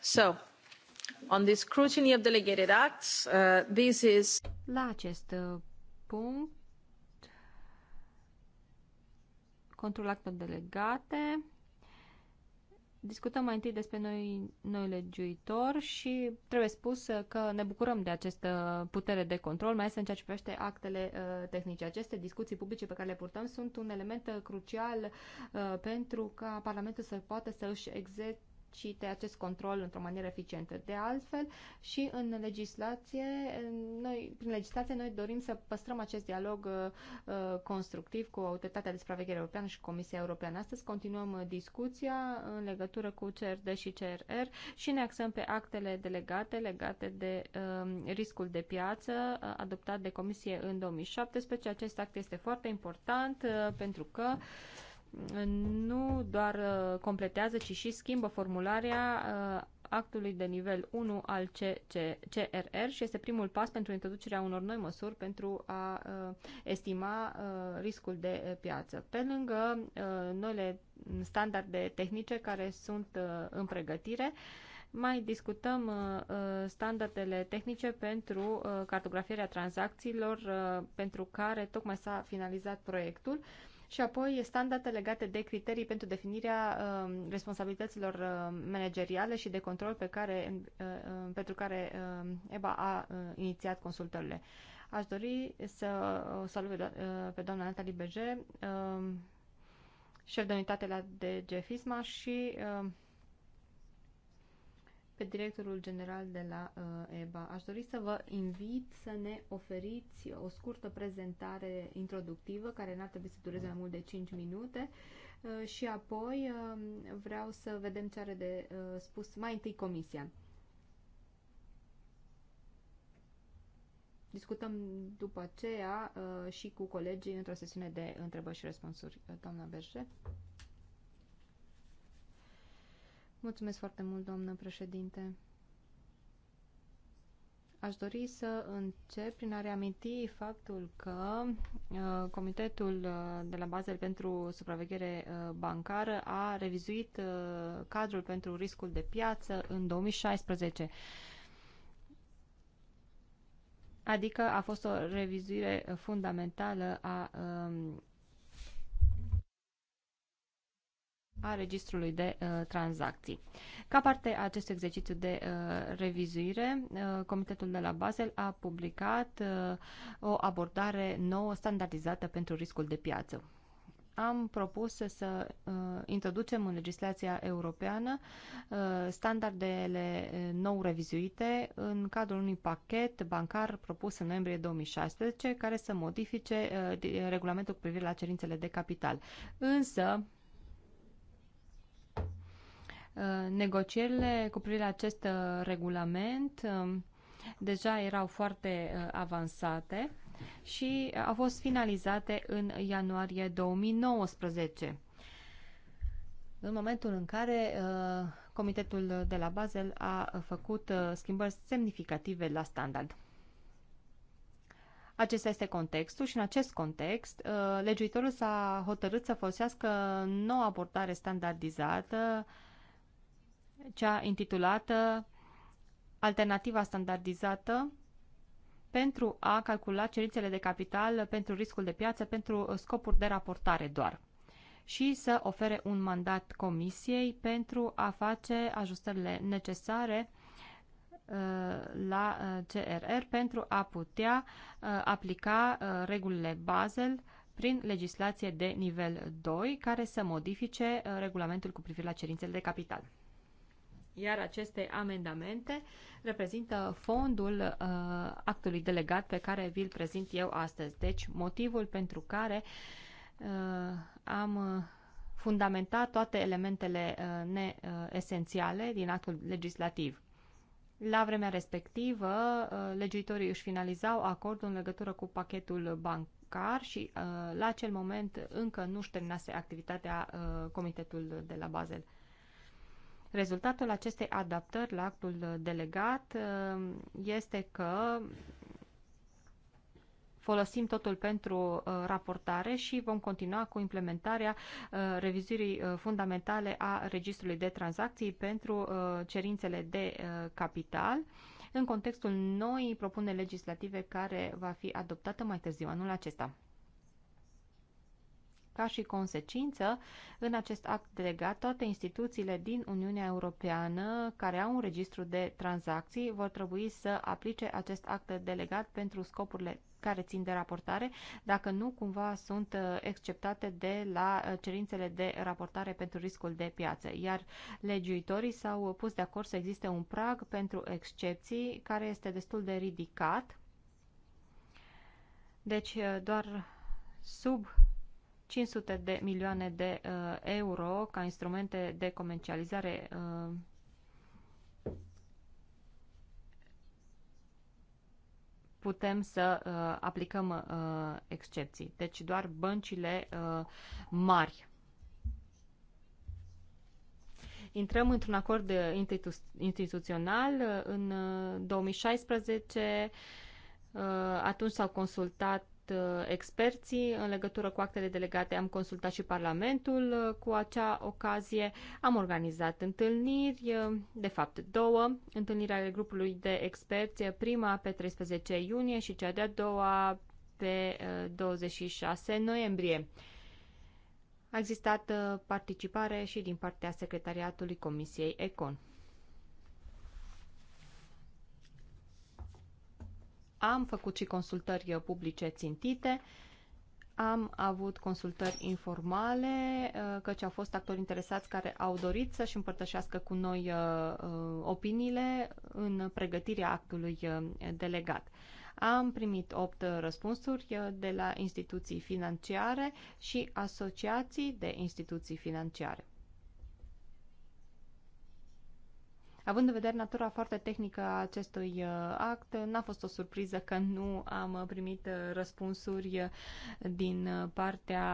so on scrutiny of delegated acts, uh, this is. La acest uh, punct, control actelor delegate, discutăm mai întâi despre noi, noi legiuitori și trebuie spus uh, că ne bucurăm de această putere de control, mai ales în ceea ce privește actele uh, tehnice. Aceste discuții publice pe care le purtăm sunt un element crucial uh, pentru ca Parlamentul să poată să își exerce exercite acest control într-o manieră eficientă. De altfel, și în legislație, noi, prin legislație, noi dorim să păstrăm acest dialog uh, uh, constructiv cu Autoritatea de Supraveghere Europeană și Comisia Europeană. Astăzi continuăm uh, discuția în legătură cu CRD și CRR și ne axăm pe actele delegate legate de uh, riscul de piață uh, adoptat de Comisie în 2017. Acest act este foarte important uh, pentru că uh, nu doar uh, completează, ci și schimbă formularea uh, actului de nivel 1 al CRR și este primul pas pentru introducerea unor noi măsuri pentru a uh, estima riscul de piață. Pe lângă noile standarde tehnice care sunt în pregătire, mai discutăm uh, uh, standardele tehnice pentru uh, cartografierea tranzacțiilor pentru care tocmai s-a finalizat proiectul și apoi standarde legate de criterii pentru definirea uh, responsabilităților uh, manageriale și de control pe care, uh, pentru care EBA a inițiat consultările. Aș dori să o salut pe doamna Natalie Bege, um, șef de unitate la DG FISMA și um, pe directorul general de la uh, EBA. Aș dori să vă invit să ne oferiți o scurtă prezentare introductivă, care n-ar trebui să dureze mai mult de 5 minute, uh, și apoi um, vreau să vedem ce are de uh, spus mai întâi comisia. Discutăm după aceea și cu colegii într-o sesiune de întrebări și răspunsuri. Doamna Berge. Mulțumesc foarte mult, doamnă președinte. Aș dori să încep prin a reaminti faptul că uh, Comitetul uh, de la Bazel pentru Supraveghere uh, Bancară a revizuit uh, cadrul pentru riscul de piață în 2016. Adică a fost o revizuire fundamentală a uh, a registrului de uh, tranzacții. Ca parte a acestui exercițiu de uh, revizuire, uh, Comitetul de la Basel a publicat uh, o abordare nouă standardizată pentru riscul de piață. Am propus să uh, introducem în legislația europeană uh, standardele uh, nou revizuite în cadrul unui pachet bancar propus în noiembrie 2016, care să modifice uh, regulamentul cu privire la cerințele de capital. Însă, Uh, negocierile cu privire la acest uh, regulament um, deja erau foarte uh, avansate și au fost finalizate în ianuarie 2019. În momentul în care Comitetul de la Basel a făcut schimbări semnificative la standard. Acesta este contextul și în acest context legiuitorul s-a hotărât să folosească noua abordare standardizată cea intitulată Alternativa standardizată pentru a calcula cerințele de capital pentru riscul de piață pentru scopuri de raportare doar și să ofere un mandat comisiei pentru a face ajustările necesare uh, la uh, CRR pentru a putea uh, aplica regulile Basel prin legislație de nivel 2 care să modifice regulamentul cu privire la cerințele de capital. Iar aceste amendamente reprezintă fondul uh, actului delegat pe care vi-l prezint eu astăzi. Deci motivul pentru care uh, am uh, fundamentat toate elementele uh, neesențiale uh, din actul legislativ. La vremea respectivă, uh, legiuitorii își finalizau acordul în legătură cu pachetul banc bancar și uh, la acel moment încă nu și terminase activitatea uh, comitetul de la Basel. Rezultatul acestei adaptări la actul delegat uh, este că folosim totul pentru uh, raportare și vom continua cu implementarea uh, revizuirii fundamentale a registrului de tranzacții pentru cerințele de capital în contextul noii propuneri legislative care va fi adoptată mai târziu anul acesta. Ca și consecință, în acest act delegat, toate instituțiile din Uniunea Europeană care au un registru de tranzacții vor trebui să aplice acest act delegat pentru scopurile care țin de raportare, dacă nu cumva sunt uh, exceptate de la uh, cerințele de raportare pentru riscul de piață. Iar legiuitorii s-au pus de acord să existe un prag pentru excepții care este destul de ridicat. Deci uh, doar sub 500 de milioane de uh, euro ca instrumente de comercializare uh, putem să uh, aplicăm uh, excepții. Deci doar băncile uh, mari. Intrăm într-un acord uh, instituțional uh, în 2016 uh, atunci s-au consultat Uh, experții în legătură cu actele delegate, am consultat și Parlamentul uh, cu acea ocazie, am organizat întâlniri, uh, de fapt două, întâlnirea grupului de experți, prima pe 13 iunie și cea de-a doua pe 26 noiembrie. A existat participare și din partea secretariatului Comisiei Econ. Am făcut și consultări publice țintite, am avut consultări informale, uh, căci au fost actori interesați care au dorit să-și împărtășească cu noi uh, uh, opiniile în pregătirea actului delegat. Am primit 8 răspunsuri de la instituții financiare și asociații de instituții financiare. Având în vedere natura foarte tehnică a acestui uh, act, n-a fost o surpriză că nu am uh, primit uh, răspunsuri din partea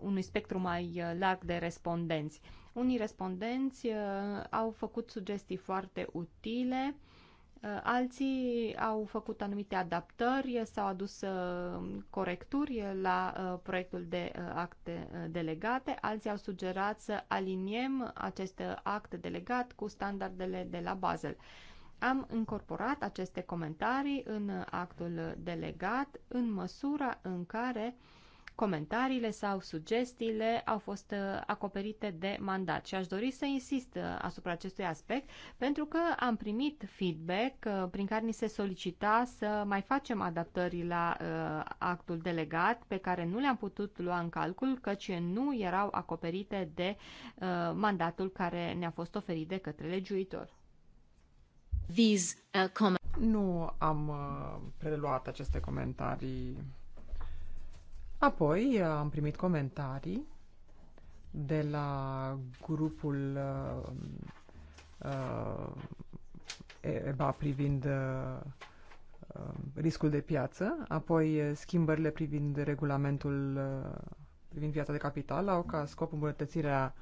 unui spectru mai larg de respondenți. Unii respondenți au făcut sugestii foarte utile Uh, alții au făcut anumite adaptări, s-au adus uh, corecturi la uh, proiectul de acte delegate, alții au sugerat să aliniem acest act delegat cu standardele de la Basel. Am incorporat aceste comentarii în actul delegat în măsura în care uh, comentariile sau sugestiile au fost uh, acoperite de mandat și aș dori să insist uh, asupra acestui aspect pentru că am primit feedback uh, prin care ni se solicita să mai facem adaptări la actul delegat pe care nu le-am putut lua în calcul căci nu erau acoperite de mandatul care ne-a fost oferit de către legiuitor. These, uh, nu am preluat aceste comentarii Apoi uh, am primit comentarii de la grupul uh, uh EBA privind uh, uh, riscul de piață, apoi schimbările privind regulamentul uh, privind viața de capital au ca scop îmbunătățirea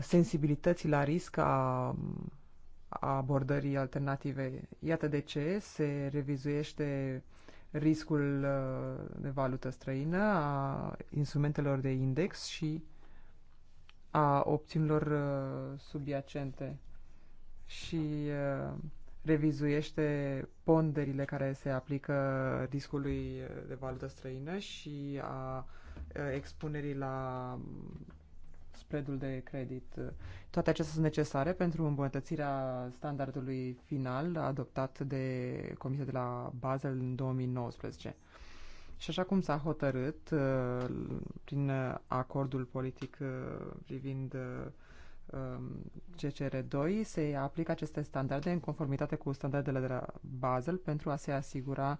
sensibilității la risc a, a abordării alternative. Iată de ce se revizuiește uh, riscul uh, de valută străină, a instrumentelor de index și a opțiunilor uh, subiacente și uh, revizuiește ponderile care se aplică riscului de valută străină și a expunerii la spreadul de credit. Toate acestea sunt necesare pentru îmbunătățirea standardului final adoptat de Comisia de la Basel în 2019. Și așa cum s-a hotărât uh, prin acordul politic uh, privind uh, um, CCR2, se aplică aceste standarde în conformitate cu standardele de la Basel pentru a se asigura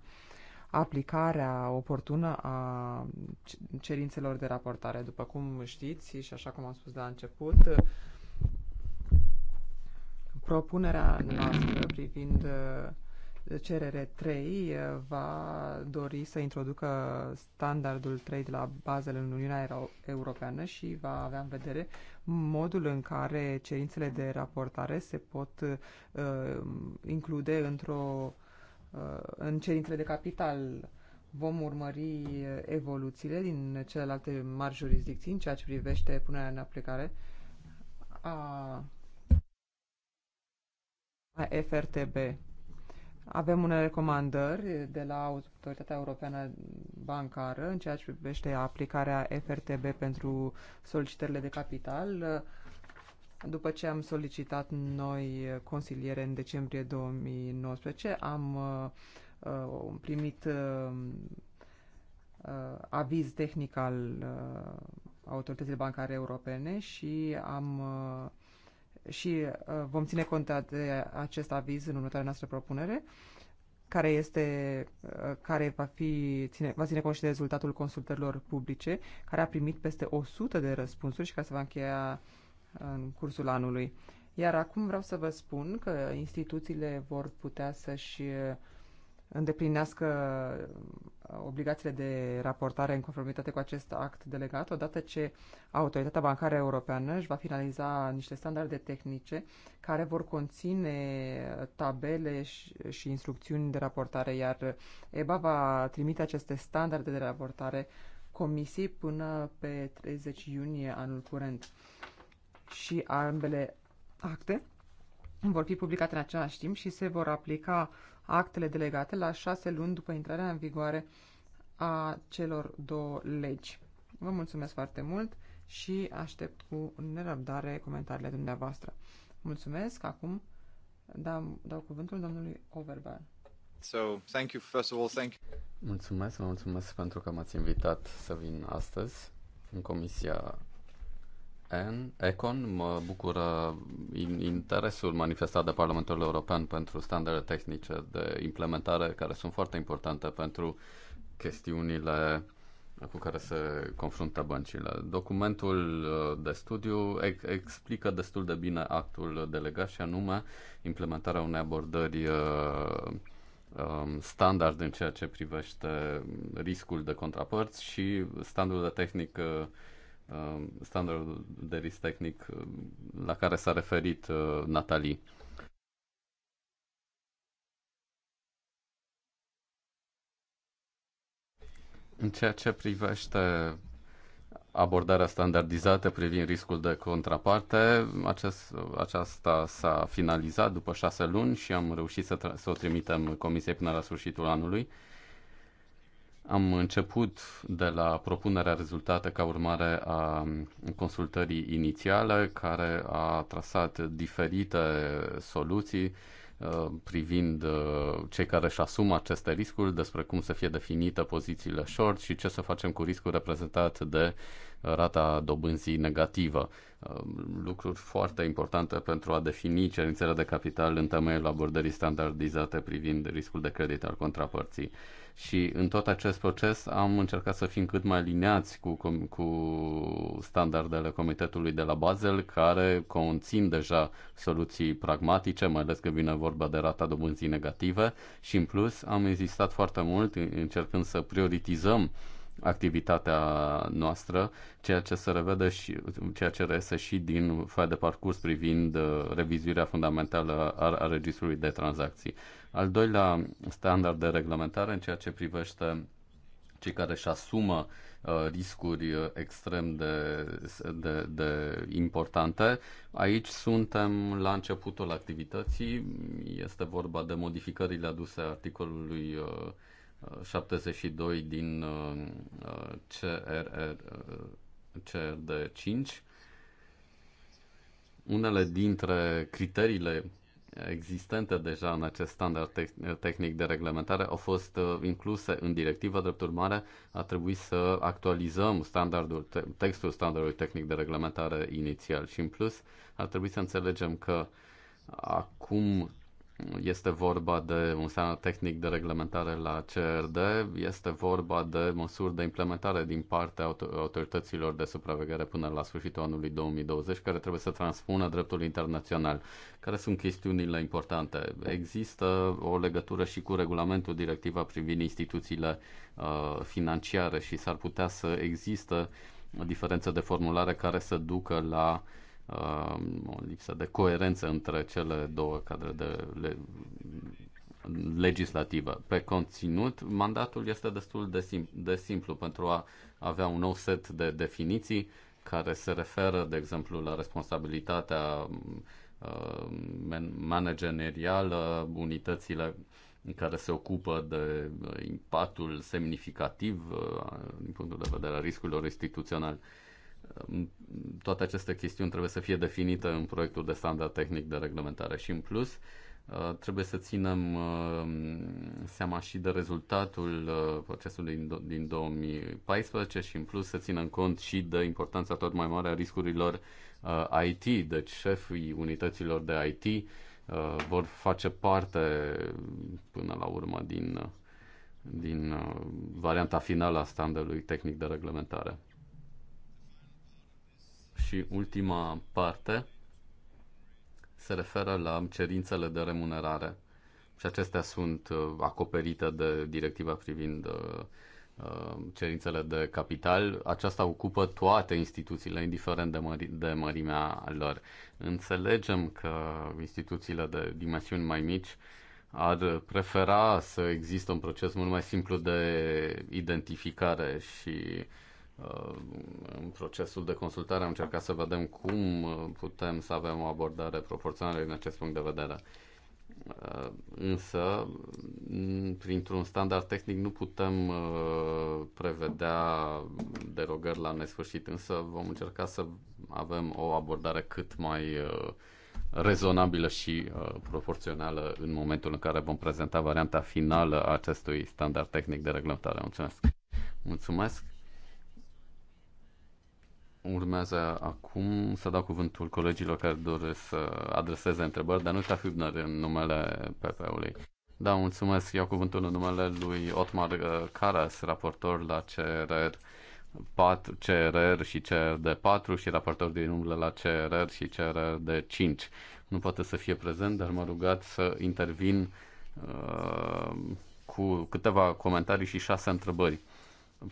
aplicarea oportună a cerințelor de raportare. După cum știți și așa cum am spus de la început, propunerea noastră privind uh, cerere 3 uh, va dori să introducă standardul 3 de la bazele în Uniunea Europeană și va avea în vedere modul în care cerințele de raportare se pot uh, include într-o uh, Uh, în cerințele de capital. Vom urmări uh, evoluțiile din celelalte mari jurisdicții în ceea ce privește punerea în aplicare a FRTB. Avem unele recomandări de la Autoritatea Europeană Bancară în ceea ce privește aplicarea FRTB pentru solicitările de capital. Uh, după ce am solicitat noi consiliere în decembrie 2019, am uh, uh, primit uh, aviz tehnic al autorității bancare europene și am și vom ține cont de acest aviz în următoarea noastră propunere care este care va fi ține, va ține cont și de rezultatul consultărilor publice care a primit peste 100 de răspunsuri și care se va încheia în cursul anului. Iar acum vreau să vă spun că instituțiile vor putea să-și uh, îndeplinească uh, obligațiile de raportare în conformitate cu acest act delegat, odată ce Autoritatea Bancară Europeană își va finaliza niște standarde tehnice care vor conține tabele și, instrucțiuni de raportare, iar EBA va trimite aceste standarde de raportare comisiei până pe 30 iunie anul curent și ambele acte vor fi publicate în același timp și se vor aplica actele delegate la șase luni după intrarea în vigoare a celor două legi. Vă mulțumesc foarte mult și aștept cu nerăbdare comentariile dumneavoastră. Mulțumesc. Acum dau, dau cuvântul domnului Overbal. So, thank you, first of all, thank you. Mulțumesc, vă mulțumesc pentru că m-ați invitat să vin astăzi în Comisia N, Econ, mă bucură interesul manifestat de Parlamentul European pentru standarde tehnice de implementare care sunt foarte importante pentru chestiunile cu care se confruntă băncile. Documentul uh, de studiu ex- explică destul de bine actul delegat și anume implementarea unei abordări uh, um, standard în ceea ce privește riscul de contrapărți și standardul de tehnic Um, standardul de risc tehnic um, la care s-a referit uh, Natalie. În ceea ce privește abordarea standardizată privind riscul de contraparte, acest, aceasta s-a finalizat după șase luni și am reușit să, să o trimitem Comisiei până la sfârșitul anului. Uh, am început de la propunerea rezultată ca urmare a consultării inițiale, care a trasat diferite soluții uh, privind uh, cei care își asumă aceste riscuri, despre cum să fie definită pozițiile short și ce să facem cu riscul reprezentat de rata dobânzii negativă. Uh, lucruri foarte importante pentru a defini cerințele de capital în temeiul abordării standardizate privind riscul de credit al contrapărții. Și în tot acest proces am încercat să fim cât mai alineați cu, cu standardele Comitetului de la Basel, care conțin deja soluții pragmatice, mai ales că vine vorba de rata dobânzii negative și în plus am insistat foarte mult încercând să prioritizăm activitatea noastră, ceea ce se revede și ceea ce reiese și din foaia de parcurs privind uh, revizuirea fundamentală a, a registrului de tranzacții. Al doilea standard de reglementare în ceea ce privește cei care își asumă uh, riscuri uh, extrem de, de, de importante. Aici suntem la începutul activității. Este vorba de modificările aduse articolului 72 uh, din CRR, CRD 5. Unele dintre criteriile existente deja în acest standard tec- tehnic de reglementare au fost uh, incluse în directivă. Drept urmare, a trebuit să actualizăm standardul, te- textul standardului tehnic de reglementare inițial și, în plus, ar trebui să înțelegem că acum este vorba de un standard tehnic de reglementare la CRD, este vorba de măsuri de implementare din partea autorităților de supraveghere până la sfârșitul anului 2020, care trebuie să transpună dreptul internațional. Care sunt chestiunile importante? Există o legătură și cu regulamentul directiva privind instituțiile uh, financiare și s-ar putea să există o diferență de formulare care să ducă la uh, o lipsă de coerență între cele două cadre de le- legislativă. Pe conținut, mandatul este destul de, sim- de simplu pentru a avea un nou set de definiții care se referă, de exemplu, la responsabilitatea uh, managerială, unitățile care se ocupă de uh, impactul semnificativ uh, din punctul de vedere al riscurilor instituționale toate aceste chestiuni trebuie să fie definite în proiectul de standard tehnic de reglementare și în plus uh, trebuie să ținem uh, seama și de rezultatul uh, procesului din 2014 și în plus să ținem cont și de importanța tot mai mare a riscurilor IT, deci șefii unităților de IT vor face parte până la urmă din, din varianta finală a standardului tehnic de reglementare. Și ultima parte se referă la cerințele de remunerare. Și acestea sunt uh, acoperite de directiva privind uh, uh, cerințele de capital. Aceasta ocupă toate instituțiile, indiferent de, mări, de mărimea lor. Înțelegem că instituțiile de dimensiuni mai mici ar prefera să există un proces mult mai simplu de identificare și în procesul de consultare am încercat să vedem cum uh, putem să avem o abordare proporțională din acest punct de vedere. Uh, însă, printr-un standard tehnic nu putem uh, prevedea derogări la nesfârșit, însă vom încerca să avem o abordare cât mai rezonabilă și proporțională în momentul în care vom prezenta varianta finală a acestui standard tehnic de reglementare. Mulțumesc! Mulțumesc! Urmează acum să dau cuvântul colegilor care doresc să adreseze întrebări, dar nu ca Hübner în numele PP-ului. Da, mulțumesc. Iau cuvântul în numele lui Otmar uh, Caras, raportor la CRR. 4, CRR și CRR de 4 și raportor din umbră la CRR și CRR de 5. Nu poate să fie prezent, dar m-a rugat să intervin uh, cu câteva comentarii și șase întrebări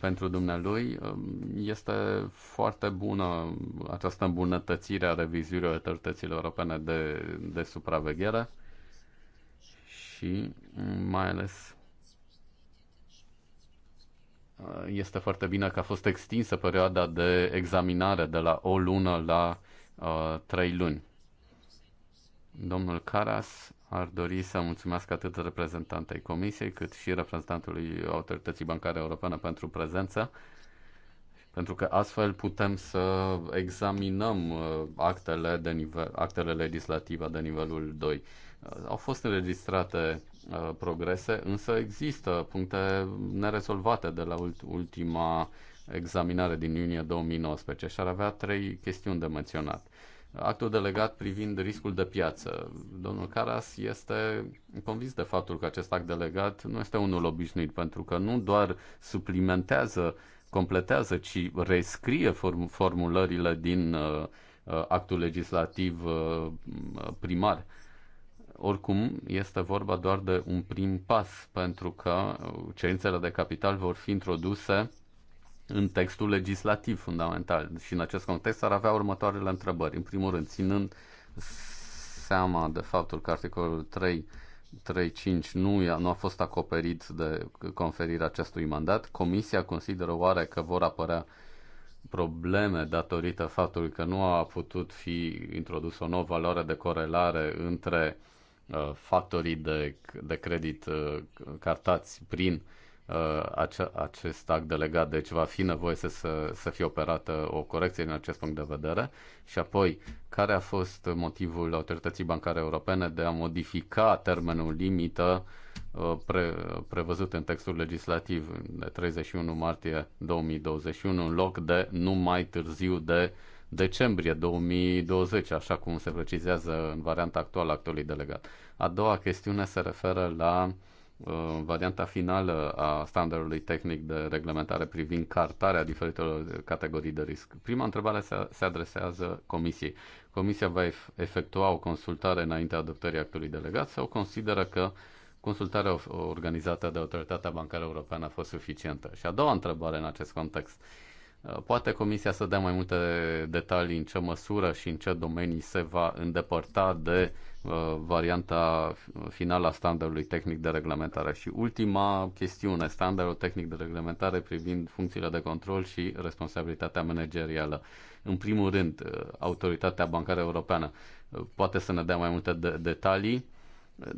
pentru dumnealui. Um, este foarte bună această îmbunătățire a revizuirii autorităților europene de, de supraveghere și mm, mai ales uh, este foarte bine că a fost extinsă perioada de examinare de la o lună la uh, trei luni. Domnul Caras ar dori să mulțumesc atât reprezentantei Comisiei, cât și reprezentantului Autorității Bancare Europene pentru prezență, pentru că astfel putem să examinăm uh, actele, de nivel, actele legislative de nivelul 2. Uh, au fost înregistrate uh, progrese, însă există puncte nerezolvate de la ultima examinare din iunie 2019 și ar avea trei chestiuni de menționat actul delegat privind riscul de piață. Domnul Caras este convins de faptul că acest act delegat nu este unul obișnuit, pentru că nu doar suplimentează, completează, ci rescrie form- formulările din uh, uh actul legislativ uh, primar. Oricum, este vorba doar de un prim pas, pentru că uh, cerințele de capital vor fi introduse în textul legislativ fundamental. Și în acest context ar avea următoarele întrebări. În primul rând, ținând seama de faptul că articolul 3 3.5 nu, nu a fost acoperit de conferirea acestui mandat. Comisia consideră oare că vor apărea probleme datorită faptului că nu a putut fi introdus o nouă valoare de corelare între uh, factorii de, de credit uh, cartați prin uh, Uh, ace- acest act delegat, deci va fi nevoie să, să, să fie operată o corecție din acest punct de vedere și apoi care a fost motivul Autorității Bancare Europene de a modifica termenul limită uh, pre, prevăzut în textul legislativ de 31 martie 2021 în loc de nu mai târziu de decembrie 2020, așa cum se precizează în varianta actuală a actului delegat. A doua chestiune se referă la uh, Uh, varianta finală a standardului tehnic de reglementare privind cartarea diferitelor categorii de risc. Prima întrebare se, adresează Comisiei. Comisia va efectua o consultare înaintea adoptării actului delegat sau consideră că consultarea organizată de Autoritatea Bancară Europeană a fost suficientă? Și a doua întrebare în acest context. Uh, Uh, poate Comisia să dea mai multe detalii în ce măsură și în ce domenii se va îndepărta de uh, varianta finală a standardului tehnic de reglementare. Și ultima chestiune, standardul tehnic de reglementare privind funcțiile de control și responsabilitatea managerială. În primul rând, uh, Autoritatea Bancară Europeană poate să ne dea mai multe de- detalii.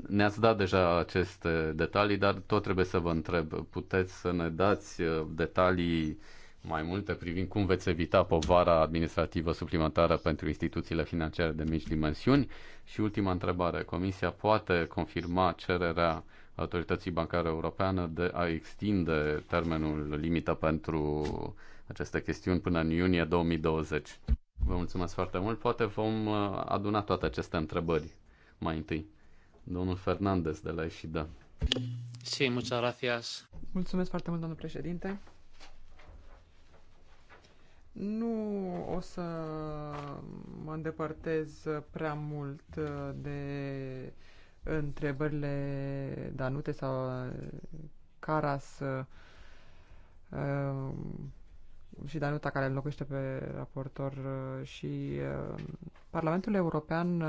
Ne-ați dat deja aceste detalii, dar tot trebuie să vă întreb. Puteți să ne dați detalii mai multe privind cum veți evita povara administrativă suplimentară pentru instituțiile financiare de mici dimensiuni? Și ultima întrebare, Comisia poate confirma cererea Autorității Bancare Europeană de a extinde termenul limită pentru aceste chestiuni până în iunie 2020? Vă mulțumesc foarte mult. Poate vom uh, aduna toate aceste întrebări mai întâi. Domnul Fernandez de la Eșida. Sí, muchas gracias. Mulțumesc foarte mult, domnul președinte. Nu o să mă îndepărtez prea mult de întrebările Danute sau Caras uh, și Danuta care înlocuiește pe raportor uh, și uh, Parlamentul European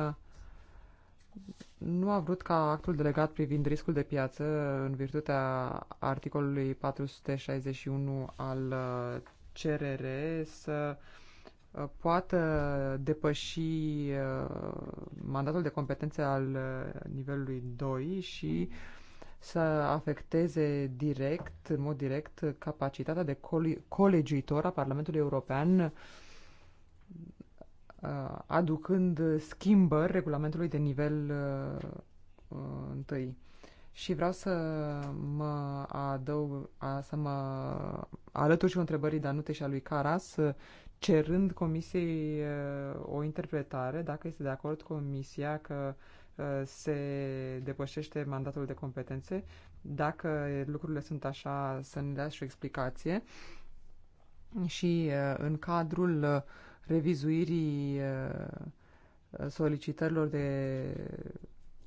nu a vrut ca actul delegat privind riscul de piață în virtutea articolului 461 al CRR să uh, poată depăși uh, mandatul de competențe al uh, nivelului 2 și să afecteze direct, în mod direct, capacitatea de colegiuitor a Parlamentului European aducând schimbări regulamentului de nivel întâi. Și vreau să mă adăug, a, să mă alătur și o întrebării Danute și a lui Caras, cerând comisiei o interpretare, dacă este de acord comisia că se depășește mandatul de competențe, dacă lucrurile sunt așa, să ne dați și o explicație. Și în cadrul revizuirii solicitărilor de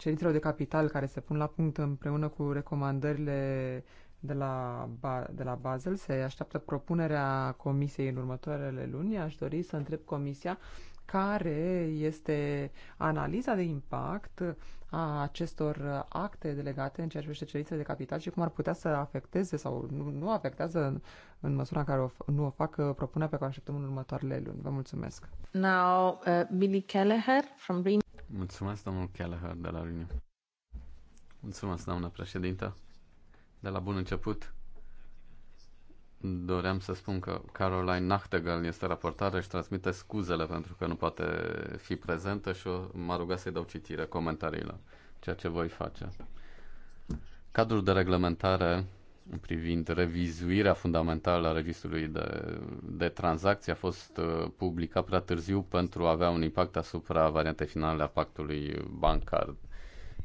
cerințelor de capital care se pun la punct împreună cu recomandările de la, de la Basel. Se așteaptă propunerea comisiei în următoarele luni. Aș dori să întreb comisia care este analiza de impact a acestor acte delegate în ceea ce privește cerințele de capital și cum ar putea să afecteze sau nu, nu afectează în, în măsura în care o, nu o fac propunerea pe care o așteptăm în următoarele luni. Vă mulțumesc. Now, uh, Billy Kelleher from Green. Mulțumesc, domnul Kelleher de la Renew. Mulțumesc, doamna președintă. De la bun început, doream să spun că Caroline Nachtegal este raportare și transmite scuzele pentru că nu poate fi prezentă și m-a rugat să-i dau citire comentariilor, ceea ce voi face. Cadrul de reglementare privind revizuirea fundamentală a registrului de, de tranzacții a fost uh, publicat prea târziu pentru a avea un impact asupra variantei finale a pactului bancar.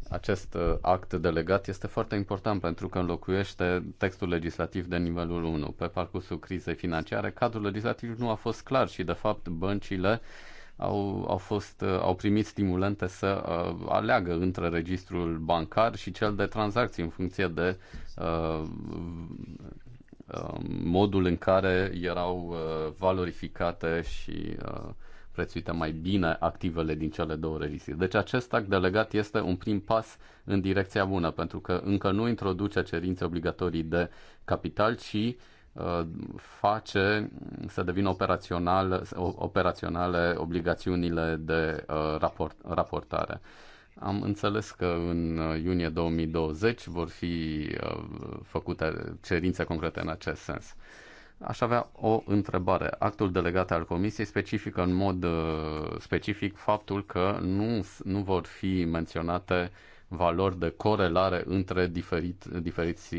Acest uh, act delegat este foarte important pentru că înlocuiește textul legislativ de nivelul 1. Pe parcursul crizei financiare, cadrul legislativ nu a fost clar și, de fapt, băncile uh, au, au, fost, uh, au primit stimulente să uh, aleagă între registrul bancar și cel de tranzacții în funcție de uh, uh, modul în care erau uh, valorificate și uh, prețuite mai bine activele din cele două registruri. Deci acest act delegat este un prim pas în direcția bună, pentru că încă nu introduce cerințe obligatorii de capital, ci uh, face să devină operațional, operaționale obligațiunile de uh, raport, raportare. Am înțeles că în iunie 2020 vor fi uh, făcute cerințe concrete în acest sens. Aș avea o întrebare. Actul delegat al Comisiei specifică în mod uh, specific faptul că nu, nu vor fi menționate uh, valori de corelare între diferit, diferiți,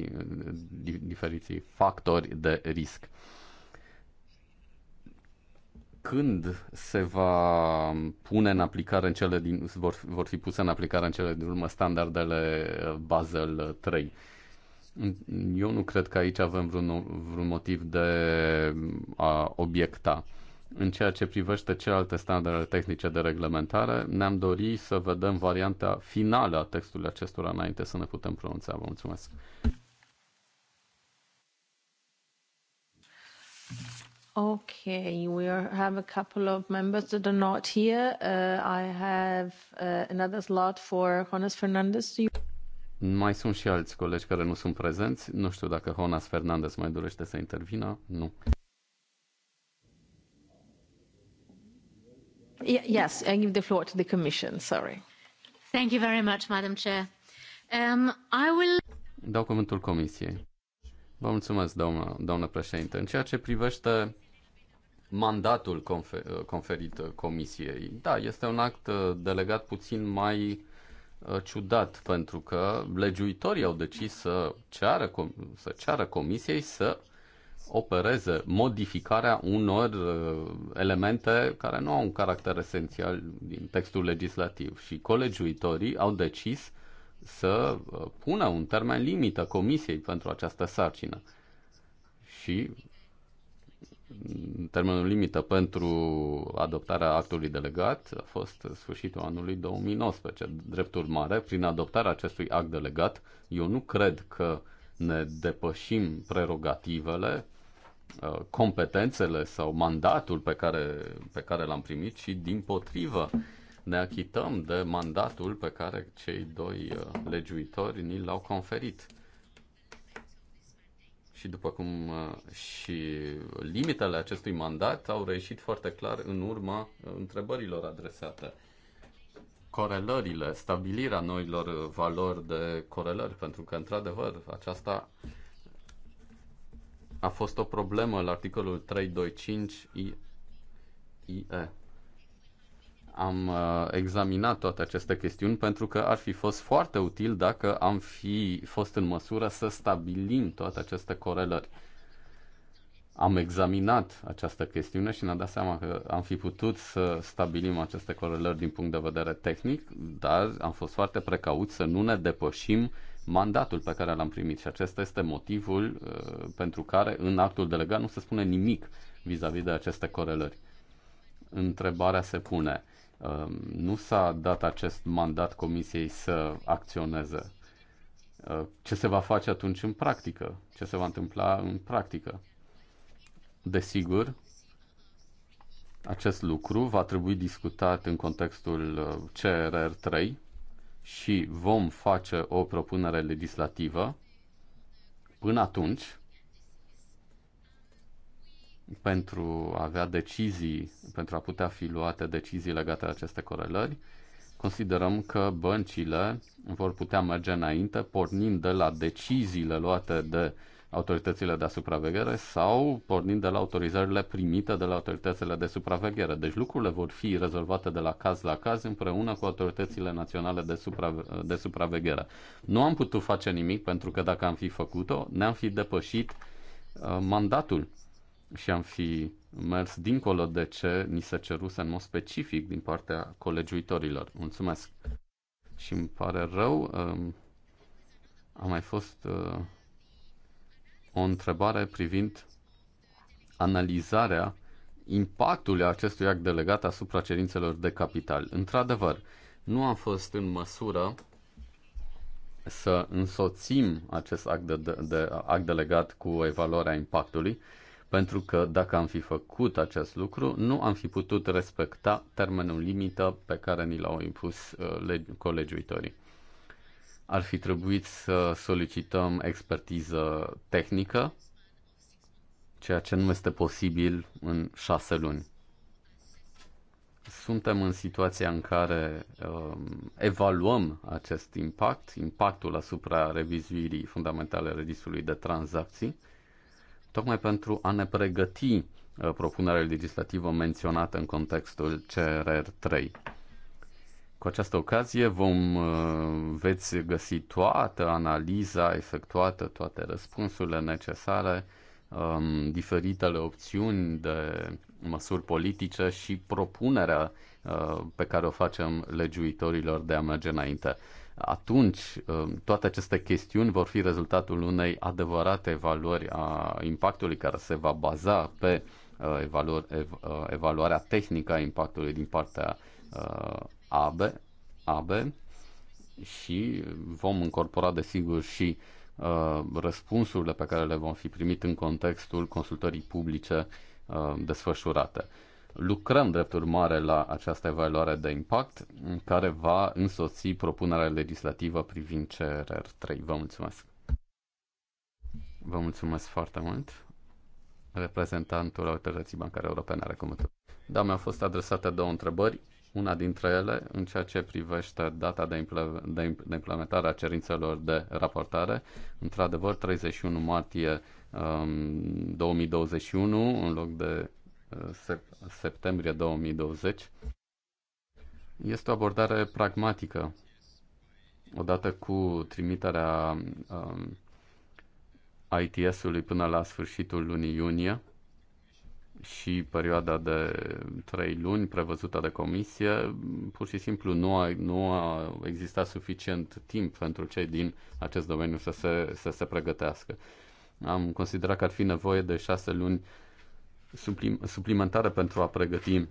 diferiți factori de risc. Când se va pune în aplicare în cele din, vor, vor fi puse în aplicare în cele din urmă standardele uh, Basel 3? Eu nu cred că aici avem vreun, vreun motiv de uh, a obiecta. În ceea ce privește celelalte standarde tehnice de reglementare, ne-am dorit să vedem varianta finală a textului acestora înainte să ne putem pronunța. Vă mulțumesc! Okay, we are, have a couple of members that are not here. Uh, I have uh, another slot for Jonas Fernandez. Do you... Mai sunt și alți colegi care nu sunt prezenți. Nu știu dacă Jonas Fernandez mai dorește să intervină. Nu. yes, I give the floor to the Commission, sorry. Thank you very much, Madam Chair. Um, I will... Dau cuvântul Comisiei. Vă mulțumesc, doamnă, doamnă președinte. În ceea ce privește mandatul confer, conferit Comisiei, da, este un act uh, delegat puțin mai uh, ciudat, pentru că legiuitorii au decis să ceară, să ceară Comisiei să uh, opereze modificarea unor uh, elemente care nu au un caracter esențial din textul legislativ și colegiuitorii au decis să uh, pună un termen limită comisiei pentru această sarcină. Și termenul limită pentru adoptarea actului delegat a fost sfârșitul anului 2019. Drept urmare, prin adoptarea acestui act delegat, eu nu cred că uh, ne depășim prerogativele, uh, competențele sau mandatul pe care, pe care l-am primit, și din potrivă ne achităm de mandatul pe care cei doi uh, legiuitori ni l-au conferit. Și după cum uh, și limitele acestui mandat au reieșit foarte clar în urma întrebărilor adresate corelările, stabilirea noilor valori de corelări, pentru că, într-adevăr, aceasta a fost o problemă la articolul 325 IE. Am uh, examinat toate aceste chestiuni pentru că ar fi fost foarte util dacă am fi fost în măsură să stabilim toate aceste corelări am examinat această chestiune și ne-am dat seama că am fi putut să stabilim aceste corelări din punct de vedere tehnic, dar am fost foarte precauți să nu ne depășim mandatul pe care l-am primit și acesta este motivul uh, pentru care în actul delegat nu se spune nimic vis-a-vis -vis de aceste corelări. Întrebarea se pune, uh, nu s-a dat acest mandat comisiei să acționeze. Uh, ce se va face atunci în practică? Ce se va întâmpla în practică? Desigur, acest lucru va trebui discutat în contextul uh, CRR3 și vom face o propunere legislativă. Până atunci, pentru a avea decizii, pentru a putea fi luate decizii legate de aceste corelări, considerăm că băncile vor putea merge înainte pornind de la deciziile luate de uh, autoritățile de supraveghere sau pornind de la autorizările primite de la autoritățile de supraveghere. Deci lucrurile vor fi rezolvate de la caz la caz împreună cu autoritățile naționale de, supra- de supraveghere. Nu am putut face nimic pentru că dacă am fi făcut-o, ne-am fi depășit uh, mandatul și am fi mers dincolo de ce ni se ceruse în mod specific din partea colegiuitorilor. Mulțumesc! Și îmi pare rău, um, a mai fost uh, o întrebare privind analizarea impactului acestui act delegat asupra cerințelor de capital. Într-adevăr, nu am fost în măsură să însoțim acest act, de, de, de, act delegat cu evaluarea impactului, pentru că dacă am fi făcut acest lucru, nu am fi putut respecta termenul limită pe care ni l-au impus uh, colegiuitorii ar fi trebuit să solicităm expertiză tehnică, ceea ce nu este posibil în șase luni. Suntem în situația în care um, evaluăm acest impact, impactul asupra revizuirii fundamentale registrului de tranzacții, tocmai pentru a ne pregăti uh, propunerea legislativă menționată în contextul CRR 3. Cu această ocazie vom uh, veți găsi toată analiza efectuată, toate răspunsurile necesare, um, diferitele opțiuni de măsuri politice și propunerea uh, pe care o facem legiuitorilor de a merge înainte. Atunci, uh, toate aceste chestiuni vor fi rezultatul unei adevărate evaluări a impactului care se va baza pe evaluarea tehnică a impactului din partea ABE, ABE și vom incorpora desigur și uh, răspunsurile pe care le vom fi primit în contextul consultării publice uh, desfășurate. Lucrăm drept urmare la această evaluare de impact care va însoți propunerea legislativă privind CRR3. Vă mulțumesc! Vă mulțumesc foarte mult! Reprezentantul Autorității Bancare Europene are cuvântul. Da, mi-au fost adresate două întrebări una dintre ele în ceea ce privește data de, de implementare a cerințelor de raportare, într-adevăr 31 martie um, 2021 în loc de uh, septembrie 2020. Este o abordare pragmatică. Odată cu trimiterea um, ITS-ului până la sfârșitul lunii iunie, și perioada de trei luni prevăzută de comisie, pur și simplu nu a, nu a existat suficient timp pentru cei din acest domeniu să se, să se pregătească. Am considerat că ar fi nevoie de șase luni suplim, suplimentare pentru a pregăti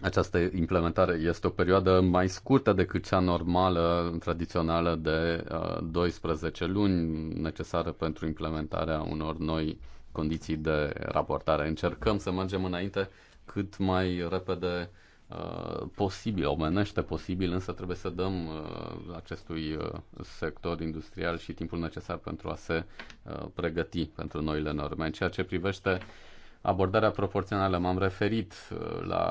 această implementare. Este o perioadă mai scurtă decât cea normală, tradițională de uh, 12 luni necesară pentru implementarea unor noi uh, condiții de raportare. Încercăm să mergem înainte cât mai repede uh, posibil, omenește posibil, însă trebuie să dăm uh, acestui uh, sector industrial și timpul necesar pentru a se uh, pregăti pentru noile norme. În ceea ce privește abordarea proporțională, m-am referit uh, la,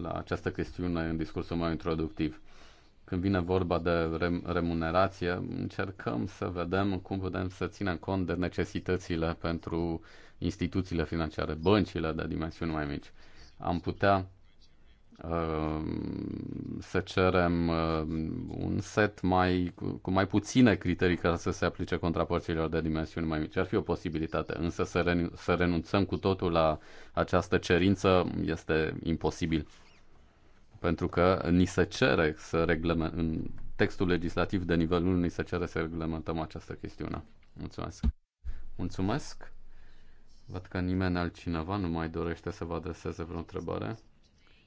la această chestiune în discursul meu introductiv când vine vorba de remunerație, încercăm să vedem cum putem să ținem cont de necesitățile pentru instituțiile financiare, băncile de dimensiuni mai mici. Am putea uh, să cerem uh, un set mai, cu mai puține criterii care să se aplice contrapărților de dimensiuni mai mici. Ar fi o posibilitate, însă să renunțăm cu totul la această cerință este imposibil pentru că ni se cere să reglementăm, în textul legislativ de nivel 1 ni se cere să reglementăm această chestiune. Mulțumesc! Mulțumesc! Văd că nimeni altcineva nu mai dorește să vă adreseze vreo întrebare.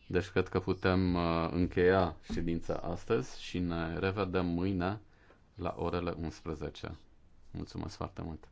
Deci cred că putem uh, încheia ședința astăzi și ne revedem mâine la orele 11. Mulțumesc foarte mult!